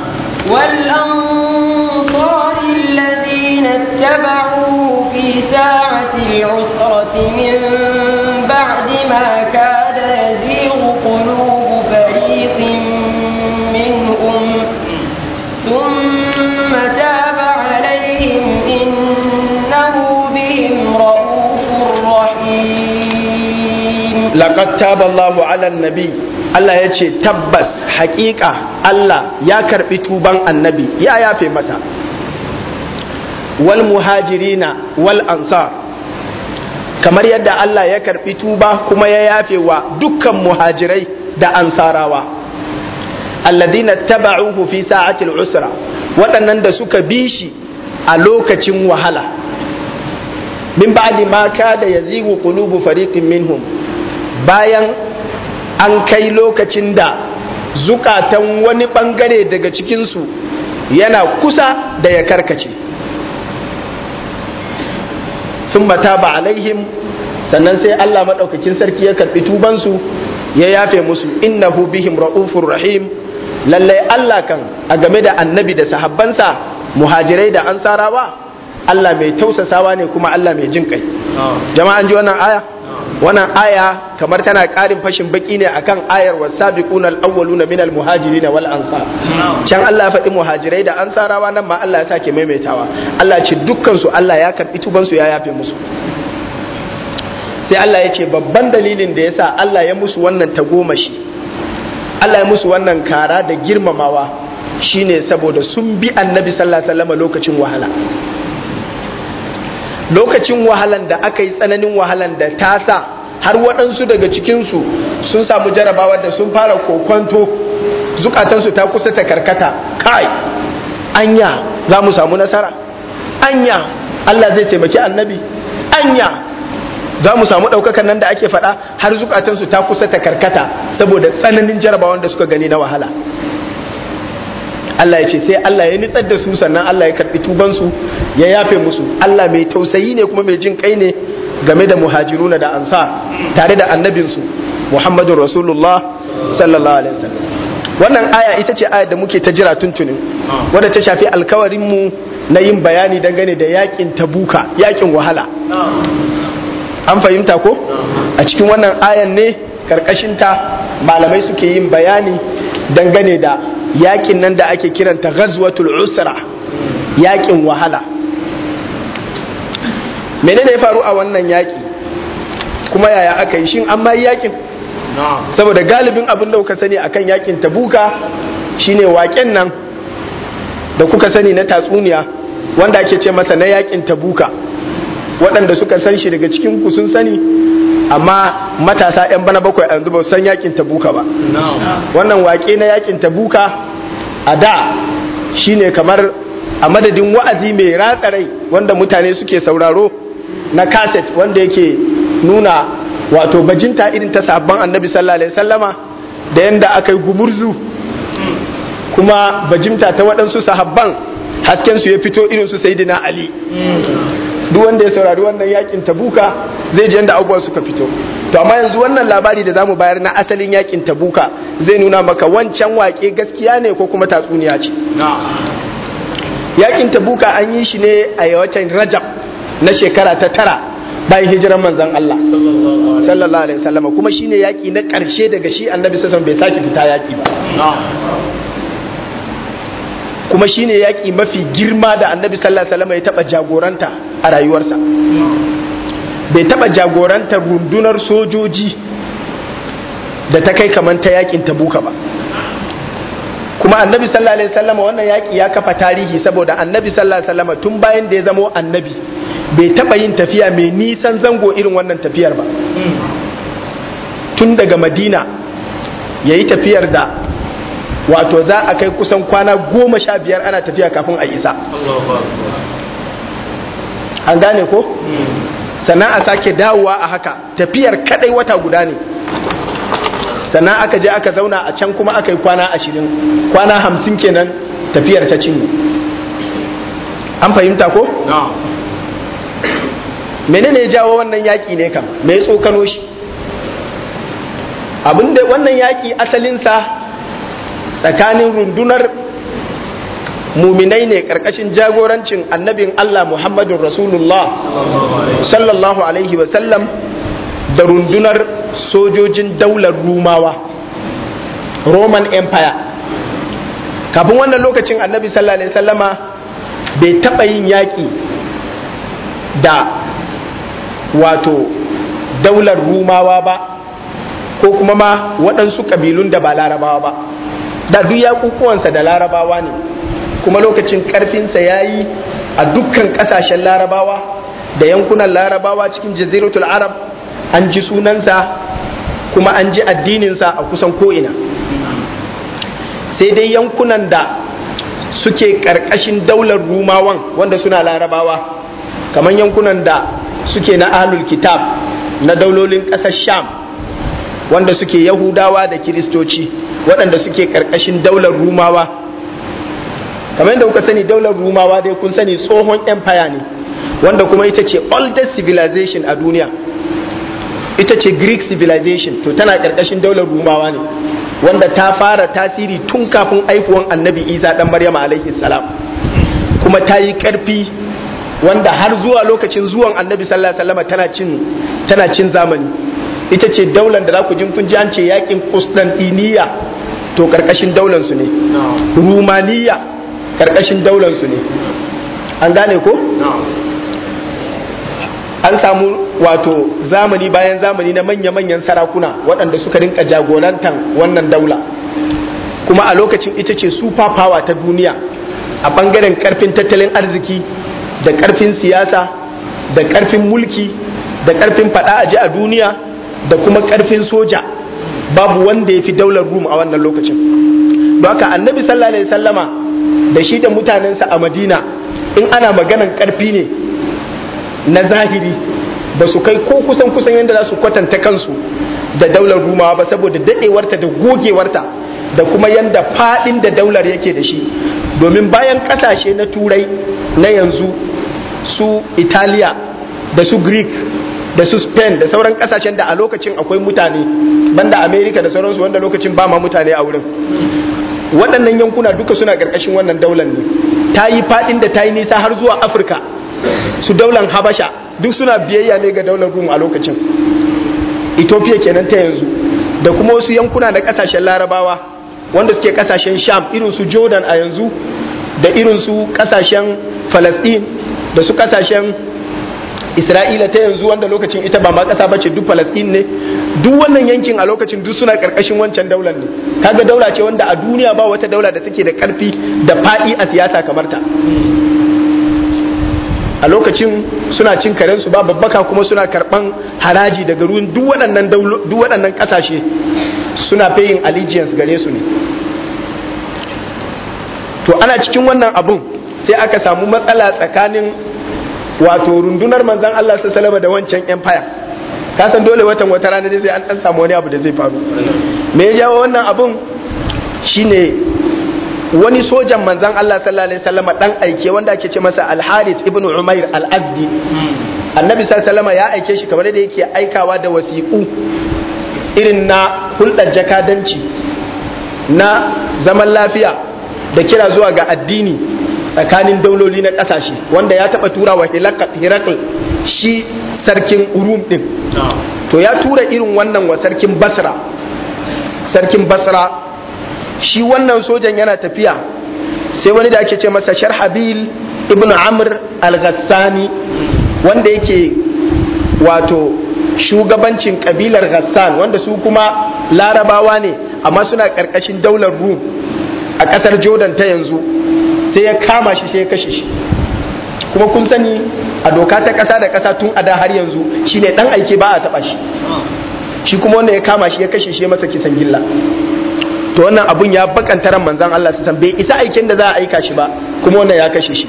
والأنصار الذين اتبعوا في ساعة العسرة من laqad taballahu ala nabi Allah ya ce tabbas haƙiƙa Allah ya karɓi tuban annabi ya yafe masa wal muhajirina wal ansar kamar yadda Allah ya karɓi tuba kuma ya yafe wa dukkan muhajirai da ansarawa alladina taba'uhu fi sa'atil usra waɗannan da suka bi shi a lokacin wahala min ba'di ma kada yazigu qulubu fariqin minhum bayan an kai lokacin da zukatan wani bangare daga cikinsu yana kusa da ya karkace sun mata ba alaihim sannan sai Allah maɗaukakin sarki ya karɓi tubansu ya yafe musu innahu bihim ra'ufur rahim lallai Allah kan a game da annabi da sahabbansa muhajirai da ansarawa Allah mai tausasawa ne kuma Allah mai jin kai jama'an ji wannan aya wannan aya kamar tana ƙarin fashin baki ne akan ayar wasabiquna al-awwaluna minal muhajirin wal ansar can Allah ya faɗi muhajirai da ansarawa nan ma Allah ya sake maimaitawa Allah ce dukkan su Allah ya karbi tuban su ya yafe musu sai Allah ya ce babban dalilin da yasa Allah ya musu wannan tagomashi Allah ya musu wannan kara da girmamawa shine saboda sun bi annabi sallallahu alaihi wasallam lokacin wahala lokacin wahalan da aka yi tsananin wahalan da ta sa har waɗansu daga cikinsu sun samu jarabawa da sun fara kokwanto zukatansu ta kusa ta karkata kai anya za mu samu nasara anya Allah zai taimaki annabi anya za mu samu ɗaukakan nan da ake faɗa har zukatansu ta kusa ta karkata saboda tsananin jarabawan da suka gani na wahala Allah ya ce sai Allah ya nitsar da su sannan Allah ya karbi tuban su ya yafe musu Allah mai tausayi ne kuma mai jin kai ne game da muhajiruna da ansa tare da annabinsu. su Muhammadu Rasulullah sallallahu alaihi wasallam wannan aya ita ce aya da muke ta jira tuntunin wadda ta shafi alkawarin mu na yin bayani dangane da yakin tabuka yakin wahala an fahimta ko a cikin wannan ayan ne ta malamai suke yin bayani dangane da yakin nan da ake kiranta ghazwatul usra yakin wahala menene ya faru a wannan yaki kuma yaya aka yi shin an ma yakin saboda galibin abin da kuka sani akan yakin tabuka shine waken nan da kuka sani na tatsuniya wanda ake ce masa na yakin tabuka waɗanda suka san shi daga cikin ku sun sani amma matasa 'yan bana bakwai a yanzu ba san yakin tabuka ba wannan waƙe na yakin tabuka a da shi ne kamar a madadin wa'azi mai ratsarai wanda mutane suke sauraro na kaset wanda yake nuna wato bajinta irin ta sabon annabi sallallahu sallama da yadda aka yi gumurzu kuma bajinta ta waɗansu sahabban hasken su ya fito irin su Saidina ali duk wanda ya saurari wannan yakin tabuka zai ji yadda abubuwan suka fito to amma yanzu wannan labari da zamu bayar na asalin yakin tabuka zai nuna maka wancan wake gaskiya ne ko kuma tatsuniya ce yakin tabuka an yi shi ne a watan rajab na shekara ta tara bayan hijiran manzan Allah sallallahu alaihi wasallam kuma shine yaki na karshe daga shi annabi sallallahu alaihi wasallam bai saki fita yaki ba kuma shine yaƙi mafi girma da annabi sallallahu alaihi wasallam ya taɓa jagoranta a rayuwarsa bai taɓa jagorantar rundunar sojoji da ta kai kamar ta yaƙin tabuka ba kuma annabi sallallahu alaihi wasallam wannan yaƙi ya kafa tarihi saboda annabi sallallahu alaihi wasallam tun bayan da ya zamo annabi bai taɓa yin tafiya mai nisan zango irin wannan tafiyar ba tun daga madina ya yi tafiyar da wato za a kai kusan kwana goma sha biyar ana tafiya kafin a isa an gane ko hmm. sannan a sake dawowa a haka tafiyar kadai wata guda ne sannan aka je aka zauna a can kuma aka yi kwana ashirin kwana hamsin kenan tafiyar ta cinye an fahimta ko? menene ya jawo wannan yaƙi ne kam mai tsokano shi abinda wannan yaƙi asalinsa tsakanin rundunar muminai ne ƙarƙashin jagorancin annabin Allah Muhammadun Rasulullah sallallahu alaihi wasallam da rundunar sojojin daular rumawa Roman Empire kafin wannan lokacin annabi sallallahu alaihi wasallama bai taɓa yin yaƙi da wato daular rumawa ba ko kuma ma waɗansu ƙabilun da ba larabawa ba da duk kukuwansa da larabawa ne kuma lokacin karfinsa ya yi a dukkan kasashen larabawa da yankunan larabawa cikin jaziratul arab an ji sunansa kuma an ji addininsa a kusan ko'ina sai dai yankunan da suke karkashin daular rumawan wanda suna larabawa kamar yankunan da suke na ahlul kitab na daulolin ƙasar sham wanda suke yahudawa da kiristoci waɗanda suke ƙarƙashin daular rumawa kamar yadda kuka sani daular rumawa dai kun sani tsohon empire ne wanda kuma ita ce oldest civilization a duniya ita ce greek civilization to tana ƙarƙashin daular rumawa ne wanda ta fara tasiri tun kafin aikuwan annabi isa ɗan maryama alaihi salam kuma ta yi ƙarfi wanda har zuwa lokacin zuwan annabi sallallahu alaihi tana cin tana cin zamani ita ce daular da za ku jin kun ji an ce yakin Kustantiniya to karkashin daular su ne Rumaniya karkashin daular su ne an gane ko an samu wato zamani bayan zamani na manya-manyan sarakuna waɗanda suka rinka jagorantar wannan daula kuma a lokacin ita ce super power ta duniya a ɓangaren ƙarfin tattalin arziki da ƙarfin siyasa da ƙarfin mulki da ƙarfin faɗa aji a duniya da kuma karfin soja babu wanda ya fi daular rum a wannan lokacin ba haka annabi sallallahu alaihi sallama da shi da mutanensa a madina in ana maganan karfi ne na zahiri ba su kai ko kusan kusan yadda za su kwatanta kansu da daular rumawa ba saboda daɗewarta da gogewarta da kuma yadda faɗin da daular yake da shi domin bayan ƙasashe na turai na yanzu su italiya da su greek da su spain da sauran kasashen da a lokacin akwai mutane banda america da sauransu wanda lokacin ba ma mutane a wurin waɗannan yankuna duka suna ƙarƙashin wannan daular ne ta yi faɗin da ta yi nisa har zuwa afirka su daular habasha duk suna biyayya ne ga daular rum a lokacin ethiopia kenan ta yanzu da kuma wasu yankuna na ƙasashen larabawa wanda suke ƙasashen sham irin su jordan a yanzu da irin su ƙasashen falasɗin da su ƙasashen isra'ila ta yanzu wanda lokacin ita ba ma kasa ba ce duk falasɗin ne duk wannan yankin a lokacin duk suna ƙarƙashin wancan daular ne kaga daula ce wanda a duniya ba wata daula da take da ƙarfi da faɗi a siyasa kamar ta a lokacin suna cin karensu ba babbaka kuma suna karban haraji daga ruwan duk waɗannan ƙasashe suna fayin allegiance gare su ne to ana cikin wannan abun sai aka samu matsala tsakanin wato rundunar manzan Allah su salama da wancan empire ka san dole watan wata rana dai sai an dan samu wani abu da zai faru me ya jawo wannan abun shine wani sojan manzan Allah sallallahu alaihi wasallam dan aike wanda ake ce masa Al-Harith ibn Umair Al-Azdi Annabi sallallahu alaihi ya aike shi kamar da yake aikawa da wasiƙu irin na hulɗar jakadanci na zaman lafiya da kira zuwa ga addini tsakanin dauloli na kasashe wanda ya taba tura wa hirakul shi sarkin urum din to ya tura irin wannan wa sarkin basra sarkin basra shi wannan sojan yana tafiya sai wani da ake ce masa sharhabil ibn amr al-ghassani wanda yake wato shugabancin kabilar ghassan wanda su kuma larabawa ne amma suna karkashin daular rum a kasar jordan ta yanzu sai ya kama shi sai ya kashe shi kuma kun sani a doka ta ƙasa da ƙasa tun a da har yanzu shine dan aike ba a taba shi shi kuma wanda ya kama shi ya kashe shi masa kisan gilla to wannan abun ya bakanta ran manzon Allah su san bai isa aikin da za a aika shi ba kuma wannan ya kashe shi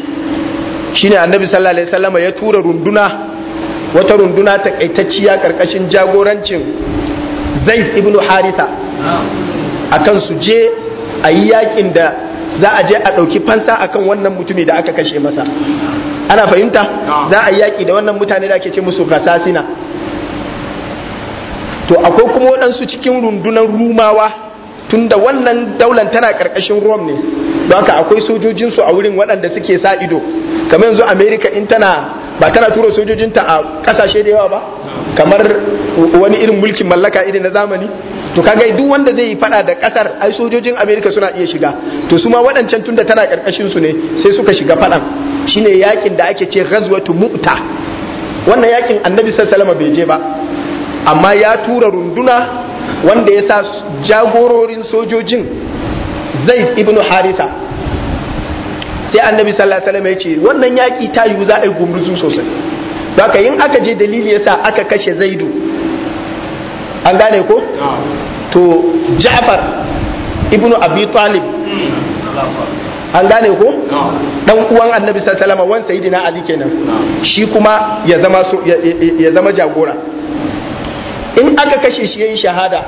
shine annabi sallallahu alaihi wasallam ya tura runduna wata runduna takaitacciya karkashin jagorancin Zaid ibn Haritha akan su je a yi yakin da za a je a ɗauki fansa akan wannan mutumi da aka kashe masa ana fahimta za a yi yaƙi da wannan mutane da ake ce musu kasasina to akwai kuma waɗansu cikin rundunar rumawa tunda wannan daular tana ƙarƙashin rom ne don haka akwai sojojinsu a wurin waɗanda suke sa ido kamar yanzu america in tana ba tana tura sojojinta a ƙasashe da yawa ba kamar wani irin mulkin mallaka irin na zamani to kaga duk wanda zai yi fada da kasar ai sojojin Amerika suna iya shiga to su ma waɗancan tunda tana karkashin su ne sai suka shiga fadan shine yakin da ake ce ghazwatu mu'ta wannan yakin annabi sallallahu alaihi bai je ba amma ya tura runduna wanda ya sa jagororin sojojin zaid ibn haritha sai annabi sallallahu alaihi wasallam ya ce wannan yaki ta yi za a yi gumurzu sosai baka yin aka je dalili yasa aka kashe zaidu an gane ko to ja'far ibnu abi talib hmm. an gane ko dan uwan annabi sallallahu alaihi wasallam wan sayyidina ali kenan shi kuma ya zama ya zama jagora in aka kashe shi yayin shahada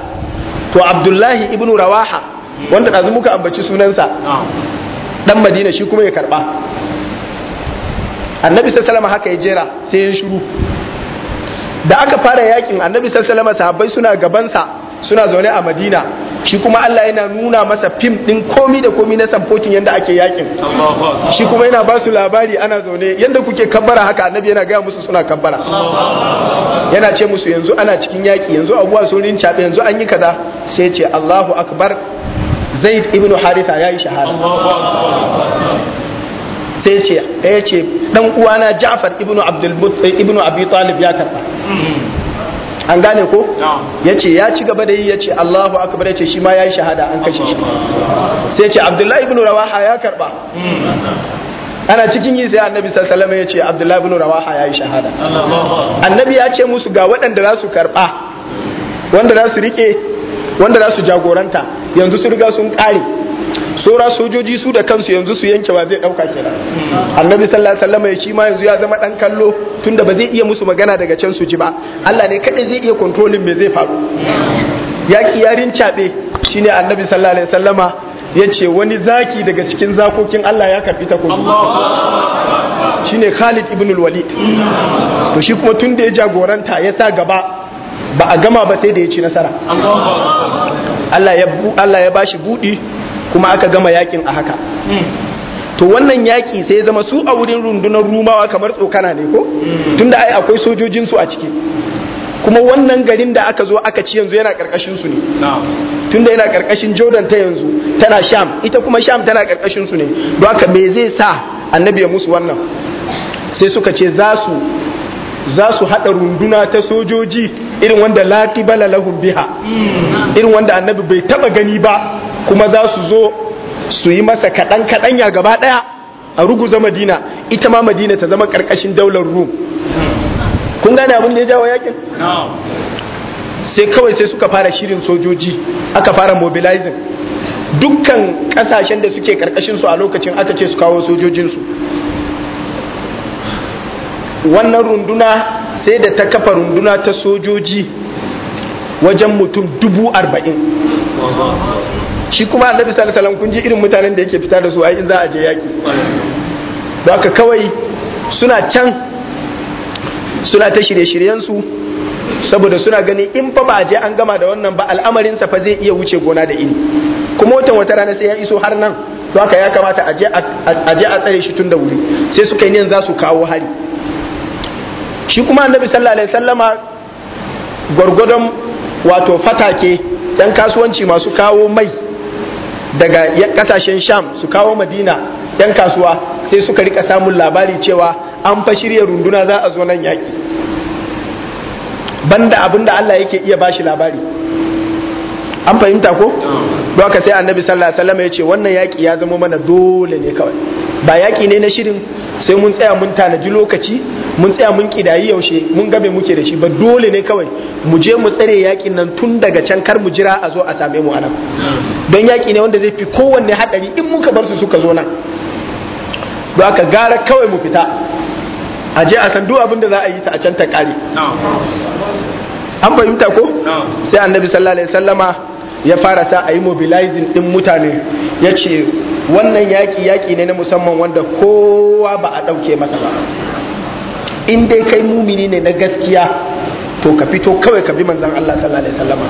to abdullahi ibnu rawaha hmm. wanda dazu muka ambaci sunansa dan madina shi kuma ya karba annabi sallallahu alaihi wasallam haka ya jera sai ya shiru da aka fara yakin annabi sallallahu sahabbai suna gabansa suna zaune a madina shi kuma Allah yana nuna masa fim din komi da komi na samfokin yanda ake yakin shi kuma yana ba su labari ana zaune yanda kuke kabbara haka annabi yana gaya musu suna kabbara yana ce musu yanzu ana cikin yaki yanzu abuwa sun rincaɓe yanzu an yi kaza sai ce Allahu akbar Zaid ibn Haritha yi shahada sai ce ya eh, ce dan uwana Ja'far ibn Abdul eh, ibn Abi Talib ya karba an gane ko ya ce ya ci gaba da yi ya ce Allahu akbar ya ce shi ma ya yi shahada an kashe shi sai ce Abdullahi ibn Rawaha ya karba mm. ana cikin yi sai annabi sallallahu ya ce Abdullahi ibn Rawaha ya yi shahada annabi ya ce musu ga waɗanda za su karba wanda za su rike wanda za su jagoranta yanzu su riga sun kare sora sojoji su da kansu yanzu su yanke ba zai dauka kira. annabi sallallahu alaihi wasallam shi ma yanzu ya zama dan kallo tunda ba zai iya musu magana daga can su ji ba Allah ne kadai zai iya controlling me zai faru yaki yarin cabe shine annabi sallallahu alaihi wasallama yace wani zaki daga cikin zakokin Allah ya karbi ta shine Khalid ibn al-Walid to shi kuma tunda ya jagoranta ya sa gaba ba a gama ba sai da ya ci nasara Allah ya bashi buɗi kuma aka gama yakin a haka hmm. to wannan yaki sai ya zama su a wurin rundunar rumawa kamar tsokana ne ko hmm. tunda ai akwai sojojin su a ciki kuma wannan garin da aka zo aka ci yanzu yana karkashin su ne tunda yana karkashin Jordan ta yanzu tana Sham ita kuma Sham tana karkashin su ne don haka me zai sa annabi ya musu wannan sai suka ce za su za su haɗa runduna ta sojoji irin wanda lati lahum biha hmm. irin wanda annabi bai taba gani ba kuma za su zo su yi masa kaɗan kaɗan ya gaba ɗaya a ruguza madina ita ma madina ta zama ƙarƙashin daular rum kun gane abin da ya jawo yakin sai kawai sai suka fara shirin sojoji aka fara mobilizing dukkan ƙasashen da suke karkashin su a lokacin aka ce su kawo sojojinsu wannan runduna sai da ta kafa runduna ta sojoji wajen mutum dubu arba'in shi kuma annabi sallallahu alaihi wasallam kun ji irin mutanen da yake fita da su ai in za a je yaki don haka kawai suna can suna ta shirye-shiryen su saboda suna gani in fa ba a je an gama da wannan ba al'amarin sa fa zai iya wuce gona da iri kuma watan wata rana sai ya iso har nan don haka ya kamata a je a tsare shi tun da wuri sai suka yi za su kawo hari shi kuma annabi sallallahu alaihi wasallama gwargwadon wato fatake dan kasuwanci masu kawo mai daga kasashen sham su kawo madina yan kasuwa sai suka rika samun labari cewa an fa shirya runduna za a zo nan yaki banda abin da Allah yake iya bashi labari an fahimta ko don haka sai annabi sallallahu alaihi wasallam ya ce wannan yaki ya zama mana dole ne kawai ba yaki ne na shirin sai mun tsaya mun tanaji lokaci mun tsaya mun kidayi yaushe mun gabe muke da shi ba dole ne kawai mu je mu tsare yakin nan tun daga can kar mu jira a zo a same mu anan don yaki ne wanda zai fi kowanne hadari in muka bar su suka zo nan don haka gara kawai mu fita a je a san duk abin da za a yi ta a can ta kare an fahimta ko sai annabi sallallahu alaihi wasallama ya fara sa a yi mobilizing din mutane ya ce wannan yaƙi yaki ne na musamman wanda kowa ba a ɗauke masa ba in dai kai mumini ne na gaskiya to ka fito kawai ka bi manzan Allah sallallahu alaihi wasallam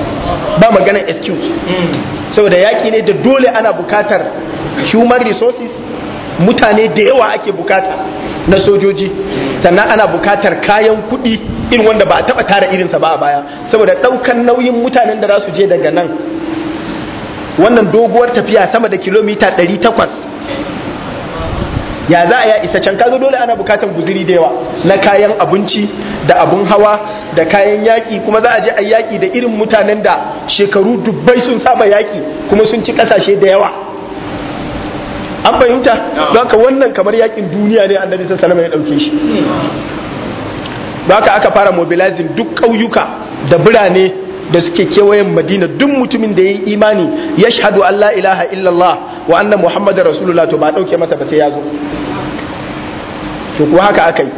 ba magana excuse saboda yaki ne da dole ana bukatar human resources mutane da yawa ake bukata na sojoji sannan ana bukatar kayan kuɗi irin wanda ba a taɓa tara irinsa ba a baya saboda ɗaukan nauyin mutanen da za su je daga nan wannan doguwar tafiya sama da kilomita 800 ya za a ya isa can kaga dole ana bukatar guziri da yawa na kayan abinci da abun hawa da kayan yaƙi kuma za a je a yaƙi da irin mutanen da shekaru dubbai sun saba yaƙi kuma sun ci ƙasashe da yawa an fahimta don ka wannan kamar yaƙin duniya ne annabi sallallahu ya ɗauke shi don aka fara mobilizing duk ƙauyuka da birane da suke kewayen madina duk mutumin da ya yi imani ya shahadu allah ilaha illallah wa annan muhammadin rasulullah to ba dauke masa ba sai ya zo to kuwa haka aka yi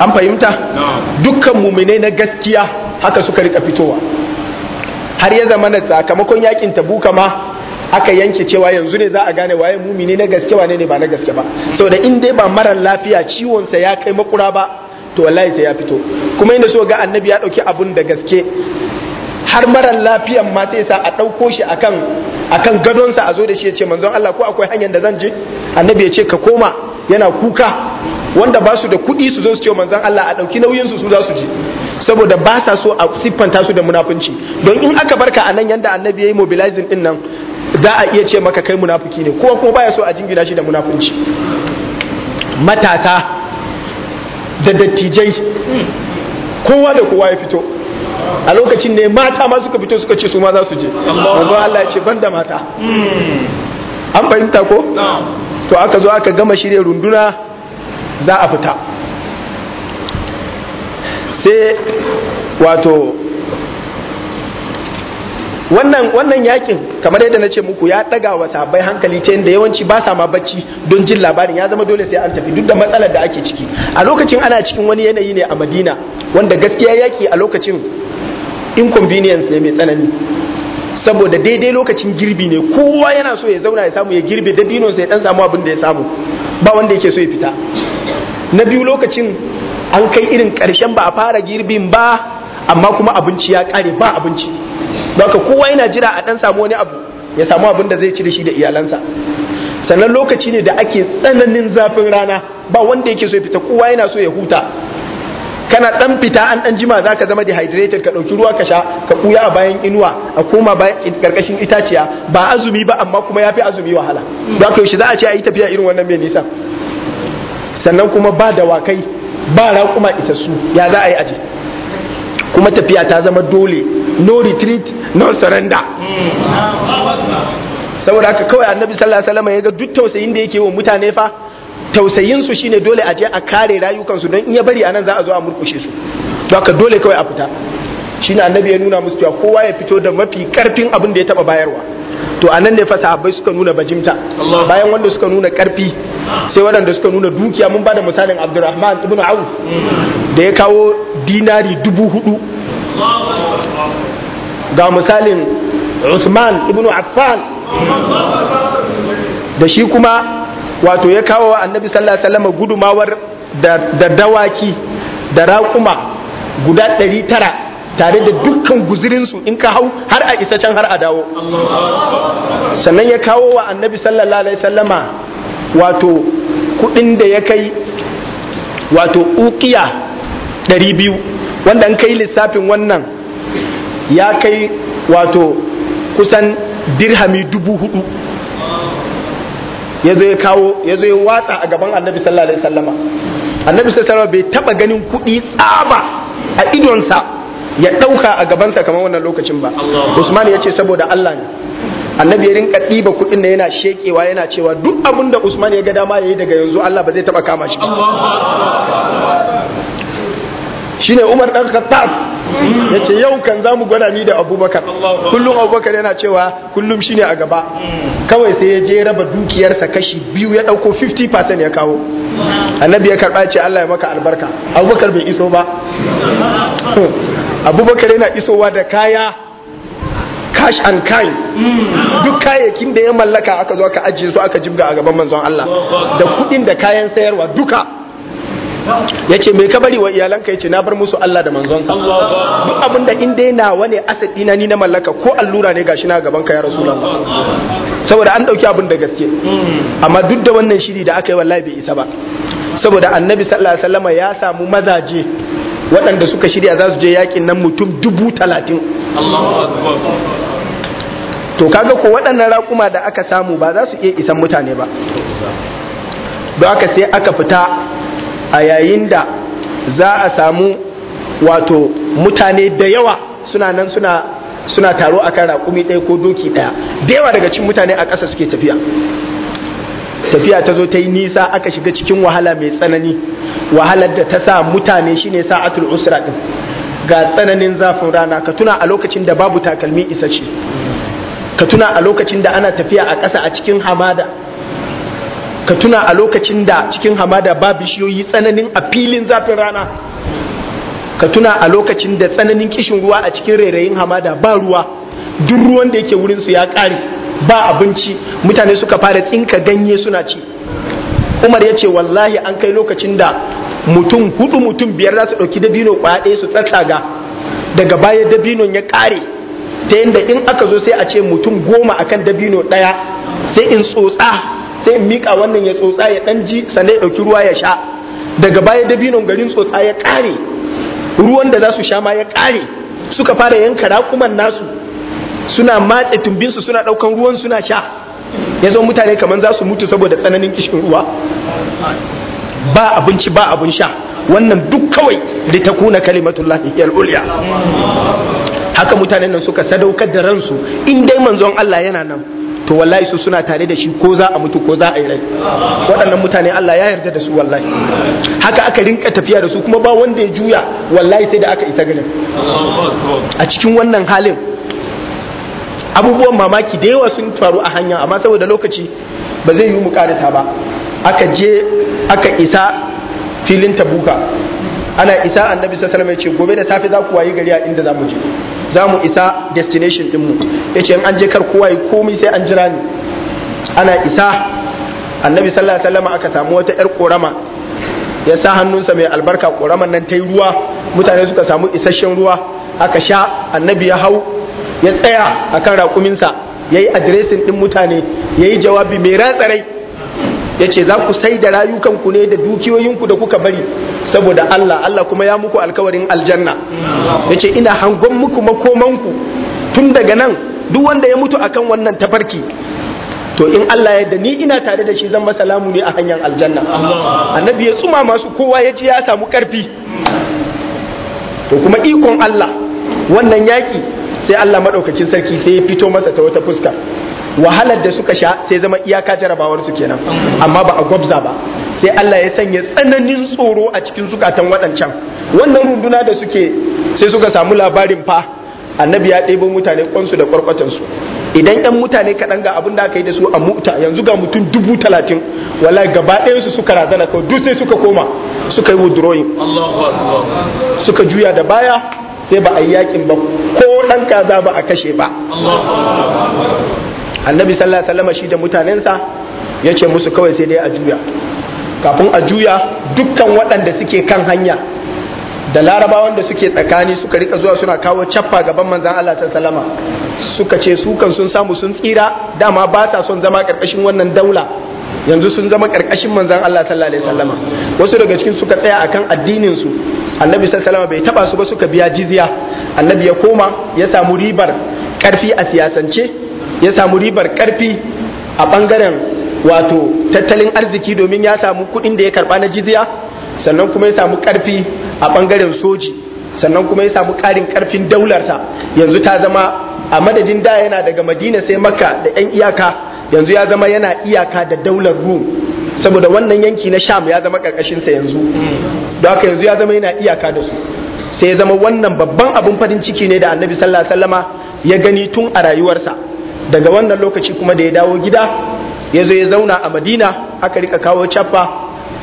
an fahimta dukkan mumine na gaskiya haka suka rika fitowa har ya zama na sakamakon yakin tabuka ma aka yanke cewa yanzu ne za a gane waye mumini na gaske wane ne ba na gaske ba da in dai ba marar lafiya ciwon sa ya kai makura ba to wallahi sai ya fito kuma inda so ga annabi ya dauki abun da gaske har marar lafiyan ma sai sa a dauko shi akan akan gadonsa a zo da shi ya ce manzon Allah ko akwai hanyar da zan je annabi ya ce ka koma yana kuka wanda ba su da kuɗi su zo su ce manzon Allah a ɗauki nauyin su su za su je saboda ba sa so a siffanta su da munafunci don in aka barka a nan yanda annabi ya yi mobilizing din nan za a iya ce maka kai munafuki ne kowa kuma baya so a jingina shi da munafunci matasa da dattijai kowa da kowa ya fito a lokacin ne mata ma suka fito suka ce su ma za su je wanzu Allah ce ce banda mata hmm. an fahimta ko to aka zo aka gama shirya runduna za a fita sai wato wannan wannan yakin kamar yadda na ce muku ya daga wa sabai hankali ta yadda yawanci ba sa bacci don jin labarin ya zama dole sai an tafi duk da matsalar da ake ciki a lokacin ana cikin wani yanayi ne a madina wanda gaskiya yaki a lokacin inconvenience ne mai tsanani saboda daidai lokacin girbi ne kowa yana so ya zauna ya samu ya girbe dabino sai dan samu abin da ya samu ba wanda yake so ya fita na biyu lokacin an kai irin karshen ba a fara girbin ba amma kuma abinci ya kare ba abinci baka kowa yana jira a dan samu wani abu ya samu abin da zai ci da shi da iyalansa sannan lokaci ne da ake tsananin zafin rana ba wanda yake so ya fita kowa yana so ya huta kana dan fita an dan jima zaka zama dehydrated ka dauki ruwa ka sha ka kuya a bayan inuwa a koma bayan karkashin itaciya ba azumi ba amma kuma yafi azumi wahala zaka yaushe za a ce a yi tafiya irin wannan mai nisa sannan kuma ba da wakai, ba raƙuma isassu ya za a yi aji kuma tafiya ta zama dole no retreat no surrender saboda haka kawai annabi sallallahu alaihi wasallam ya ga duk tausayin da yake wa mutane fa tausayinsu shine dole a je a kare rayukansu don in ya bari anan za a zo a murkushe su to haka dole kawai a fita shine annabi ya nuna musu cewa kowa ya fito da mafi karfin abin da ya taba bayarwa to anan ne fa sahabbai suka nuna bajimta bayan wanda suka nuna karfi sai waɗanda suka nuna dukiya mun bada misalin Abdurrahman ibn Auf hmm. da ya kawo dinari dubu hudu ga misalin Usman ibn Affan hmm. da shi kuma wato ya kawo wa annabi sallallahu alaihi wasallam gudumawar da dawaki da raƙuma guda ɗari tare da dukkan guzirinsu in ka hau har a isa can har a dawo sannan ya kawo wa annabi sallallahu alaihi wasallama wato kuɗin da ya kai wato ukiya ɗari wanda an kai lissafin wannan ya kai wato kusan dirhami dubu hudu ya zo ya kawo ya zo ya watsa a gaban annabi sallallahu alaihi wasallama annabi sallallahu alaihi bai taba ganin kuɗi tsaba a idonsa ya ɗauka a gabansa kamar wannan lokacin ba usman ya ce saboda allah ne annabi ya rinka ɗiba kuɗin da yana shekewa yana cewa duk abin da usman ya ga dama ya yi daga yanzu allah ba zai taba kama shi shine Umar dan Khattab yace yau kan zamu gwada ni da Abubakar kullum Abubakar yana cewa kullum shine a gaba kawai sai ya je raba dukiyarsa kashi biyu ya ɗauko 50% ya kawo annabi ya karba ce Allah ya maka albarka Abubakar bai iso ba Abubakar yana isowa da kaya cash and kind duk kayayyakin da ya mallaka aka zo aka ajiye su aka jibga a gaban manzon Allah da kudin da kayan sayarwa duka ya ce mai kabari wa iyalanka ya ce na bar musu Allah da manzonsa duk abin da in dai nawa ne asadi na ni na mallaka ko allura ne gashi na gaban ka ya rasulullah saboda an dauki abin da gaske amma duk da wannan shiri da aka yi wallahi bai isa ba saboda annabi sallallahu alaihi wasallam ya samu mazaje waɗanda suka shirya za su je yakin nan mutum dubu talatin to kaga ko waɗannan raƙuma da aka samu ba za su iya isan mutane ba don aka sai aka fita a yayin da za a samu wato mutane da yawa suna nan suna suna taro akan raƙumi ɗaya ko doki ɗaya da yawa daga cikin mutane a ƙasa suke tafiya tafiya ta zo ta yi nisa aka shiga cikin wahala mai tsanani wahalar da ta sa mutane shine sa'atul usra din ga tsananin zafin rana ka tuna a lokacin da babu takalmi isa isasshe ka tuna a lokacin da ana tafiya a ƙasa a cikin hamada ka tuna a lokacin da cikin hamada ba bishiyoyi tsananin a filin zafin rana ka tuna a lokacin da tsananin kishin ruwa a cikin rairayin hamada ba ruwa duk ruwan da yake su ya ƙare ba abinci mutane suka fara tsinka ganye suna ci umar ya ce wallahi an kai lokacin da mutum hudu mutum biyar za su ɗauki dabino kwaya ɗaya su tsatsaga daga baya dabinon ya ƙare ta yadda in aka zo sai a ce mutum goma akan dabino ɗaya sai in tsotsa sai in miƙa wannan ya tsotsa ya ɗan ji sannan ya ɗauki ruwa ya sha daga baya dabinon garin tsotsa ya ƙare ruwan da za su sha ma ya ƙare suka fara yanka rakuman nasu suna matse tumbinsu suna ɗaukan ruwan suna sha ya zama mutane kamar za su mutu saboda tsananin kishin ruwa ba abinci ba abin sha wannan duk kawai da ta kuna kalimatullahi ulya haka mutanen nan suka sadaukar da ransu in dai manzon Allah yana nan to wallahi su suna tare da shi ko za a mutu ko za a yi rai waɗannan mutane Allah ya yarda da su wallahi haka aka rinka tafiya da su kuma ba wanda ya juya wallahi sai da aka isa garin a cikin wannan halin abubuwan mamaki da yawa sun faru a hanya amma saboda lokaci ba zai yi mu karisa ba aka je aka isa filin tabuka ana isa annabi sallallahu alaihi ya ce gobe da safe za ku wayi gari a inda zamu je zamu isa destination din mu yace in an je kar kowa yi komai sai an jira ni ana isa annabi sallallahu alaihi wasallam aka samu wata yar korama ya sa hannunsa mai albarka koraman nan ta yi ruwa mutane suka samu isasshen ruwa aka sha annabi ya hau ya tsaya akan raƙuminsa ya yi adiresin ɗin mutane ya yi jawabi mai ratsarai ya ce za ku sai da rayukanku ne da dukiyoyinku da kuka bari saboda Allah Allah kuma ya muku alkawarin aljanna ya ce ina hangon muku makomanku tun daga nan duk wanda ya mutu akan wannan tafarki to in Allah ya ni ina tare da shi zan masa lamu ne a hanyar aljanna annabi ya tsuma masu kowa ya ji ya samu karfi to kuma ikon Allah wannan yaki sai Allah madaukakin sarki sai ya fito masa ta wata fuska wahalar da suka sha sai zama iyaka jarabawar su kenan amma ba a gwabza ba sai Allah ya sanya tsananin tsoro a cikin zukatan waɗancan wannan runduna da suke sai suka samu labarin fa annabi ya ɗebo mutane kwansu da kwarkwatansu idan yan mutane kaɗan ga abin da aka yi da su a muta yanzu ga mutum dubu talatin wala gaba ɗayansu suka razana kawai duk sai suka koma suka yi duroyin. suka juya da baya sai ba a yi yakin ba ko ɗan kaza ba a kashe ba annabi sallallahu alaihi wasallam shi da mutanensa yace musu kawai sai dai a juya kafin a juya dukkan waɗanda suke kan hanya da larabawan da suke tsakani suka rika zuwa suna kawo cappa gaban manzan Allah alaihi wasallam suka ce su kan sun samu sun tsira dama ba sa son zama karkashin wannan daula yanzu sun zama karkashin manzan Allah sallallahu alaihi wasallam wasu daga cikin suka tsaya akan addinin su annabi sallallahu alaihi bai taba su ba suka biya jizya annabi ya koma ya samu ribar karfi a siyasance ya samu ribar karfi a bangaren wato tattalin arziki domin ya samu kuɗin da ya karba na jiziya, sannan kuma ya samu karfi a bangaren soji sannan kuma ya samu karin karfin daularsa yanzu ta zama a madadin da yana daga madina sai makka da 'yan iyaka yanzu ya zama yana iyaka da daular rum saboda wannan yanki na sham ya zama karkashinsa yanzu da haka yanzu ya zama yana iyaka da su sai ya zama wannan babban abin farin ciki ne da annabi sallallahu ya gani tun a rayuwarsa daga wannan lokaci kuma da ya dawo gida ya zo ya zauna a madina aka rika kawo cappa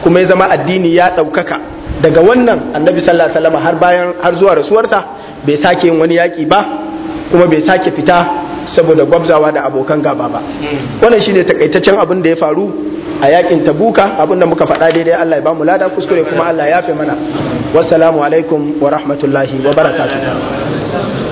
kuma ya zama addini ya ɗaukaka daga wannan annabi sallallahu alaihi har bayan har zuwa rasuwarsa bai sake yin wani yaƙi ba kuma bai sake fita saboda gwabzawa da abokan gaba ba hmm. wannan shine takaitaccen abin da ya faru a yakin tabuka abin da muka faɗa daidai Allah ya bamu lada kuskure kuma Allah ya fi mana hmm. wassalamu alaikum wa rahmatullahi wa barakatuh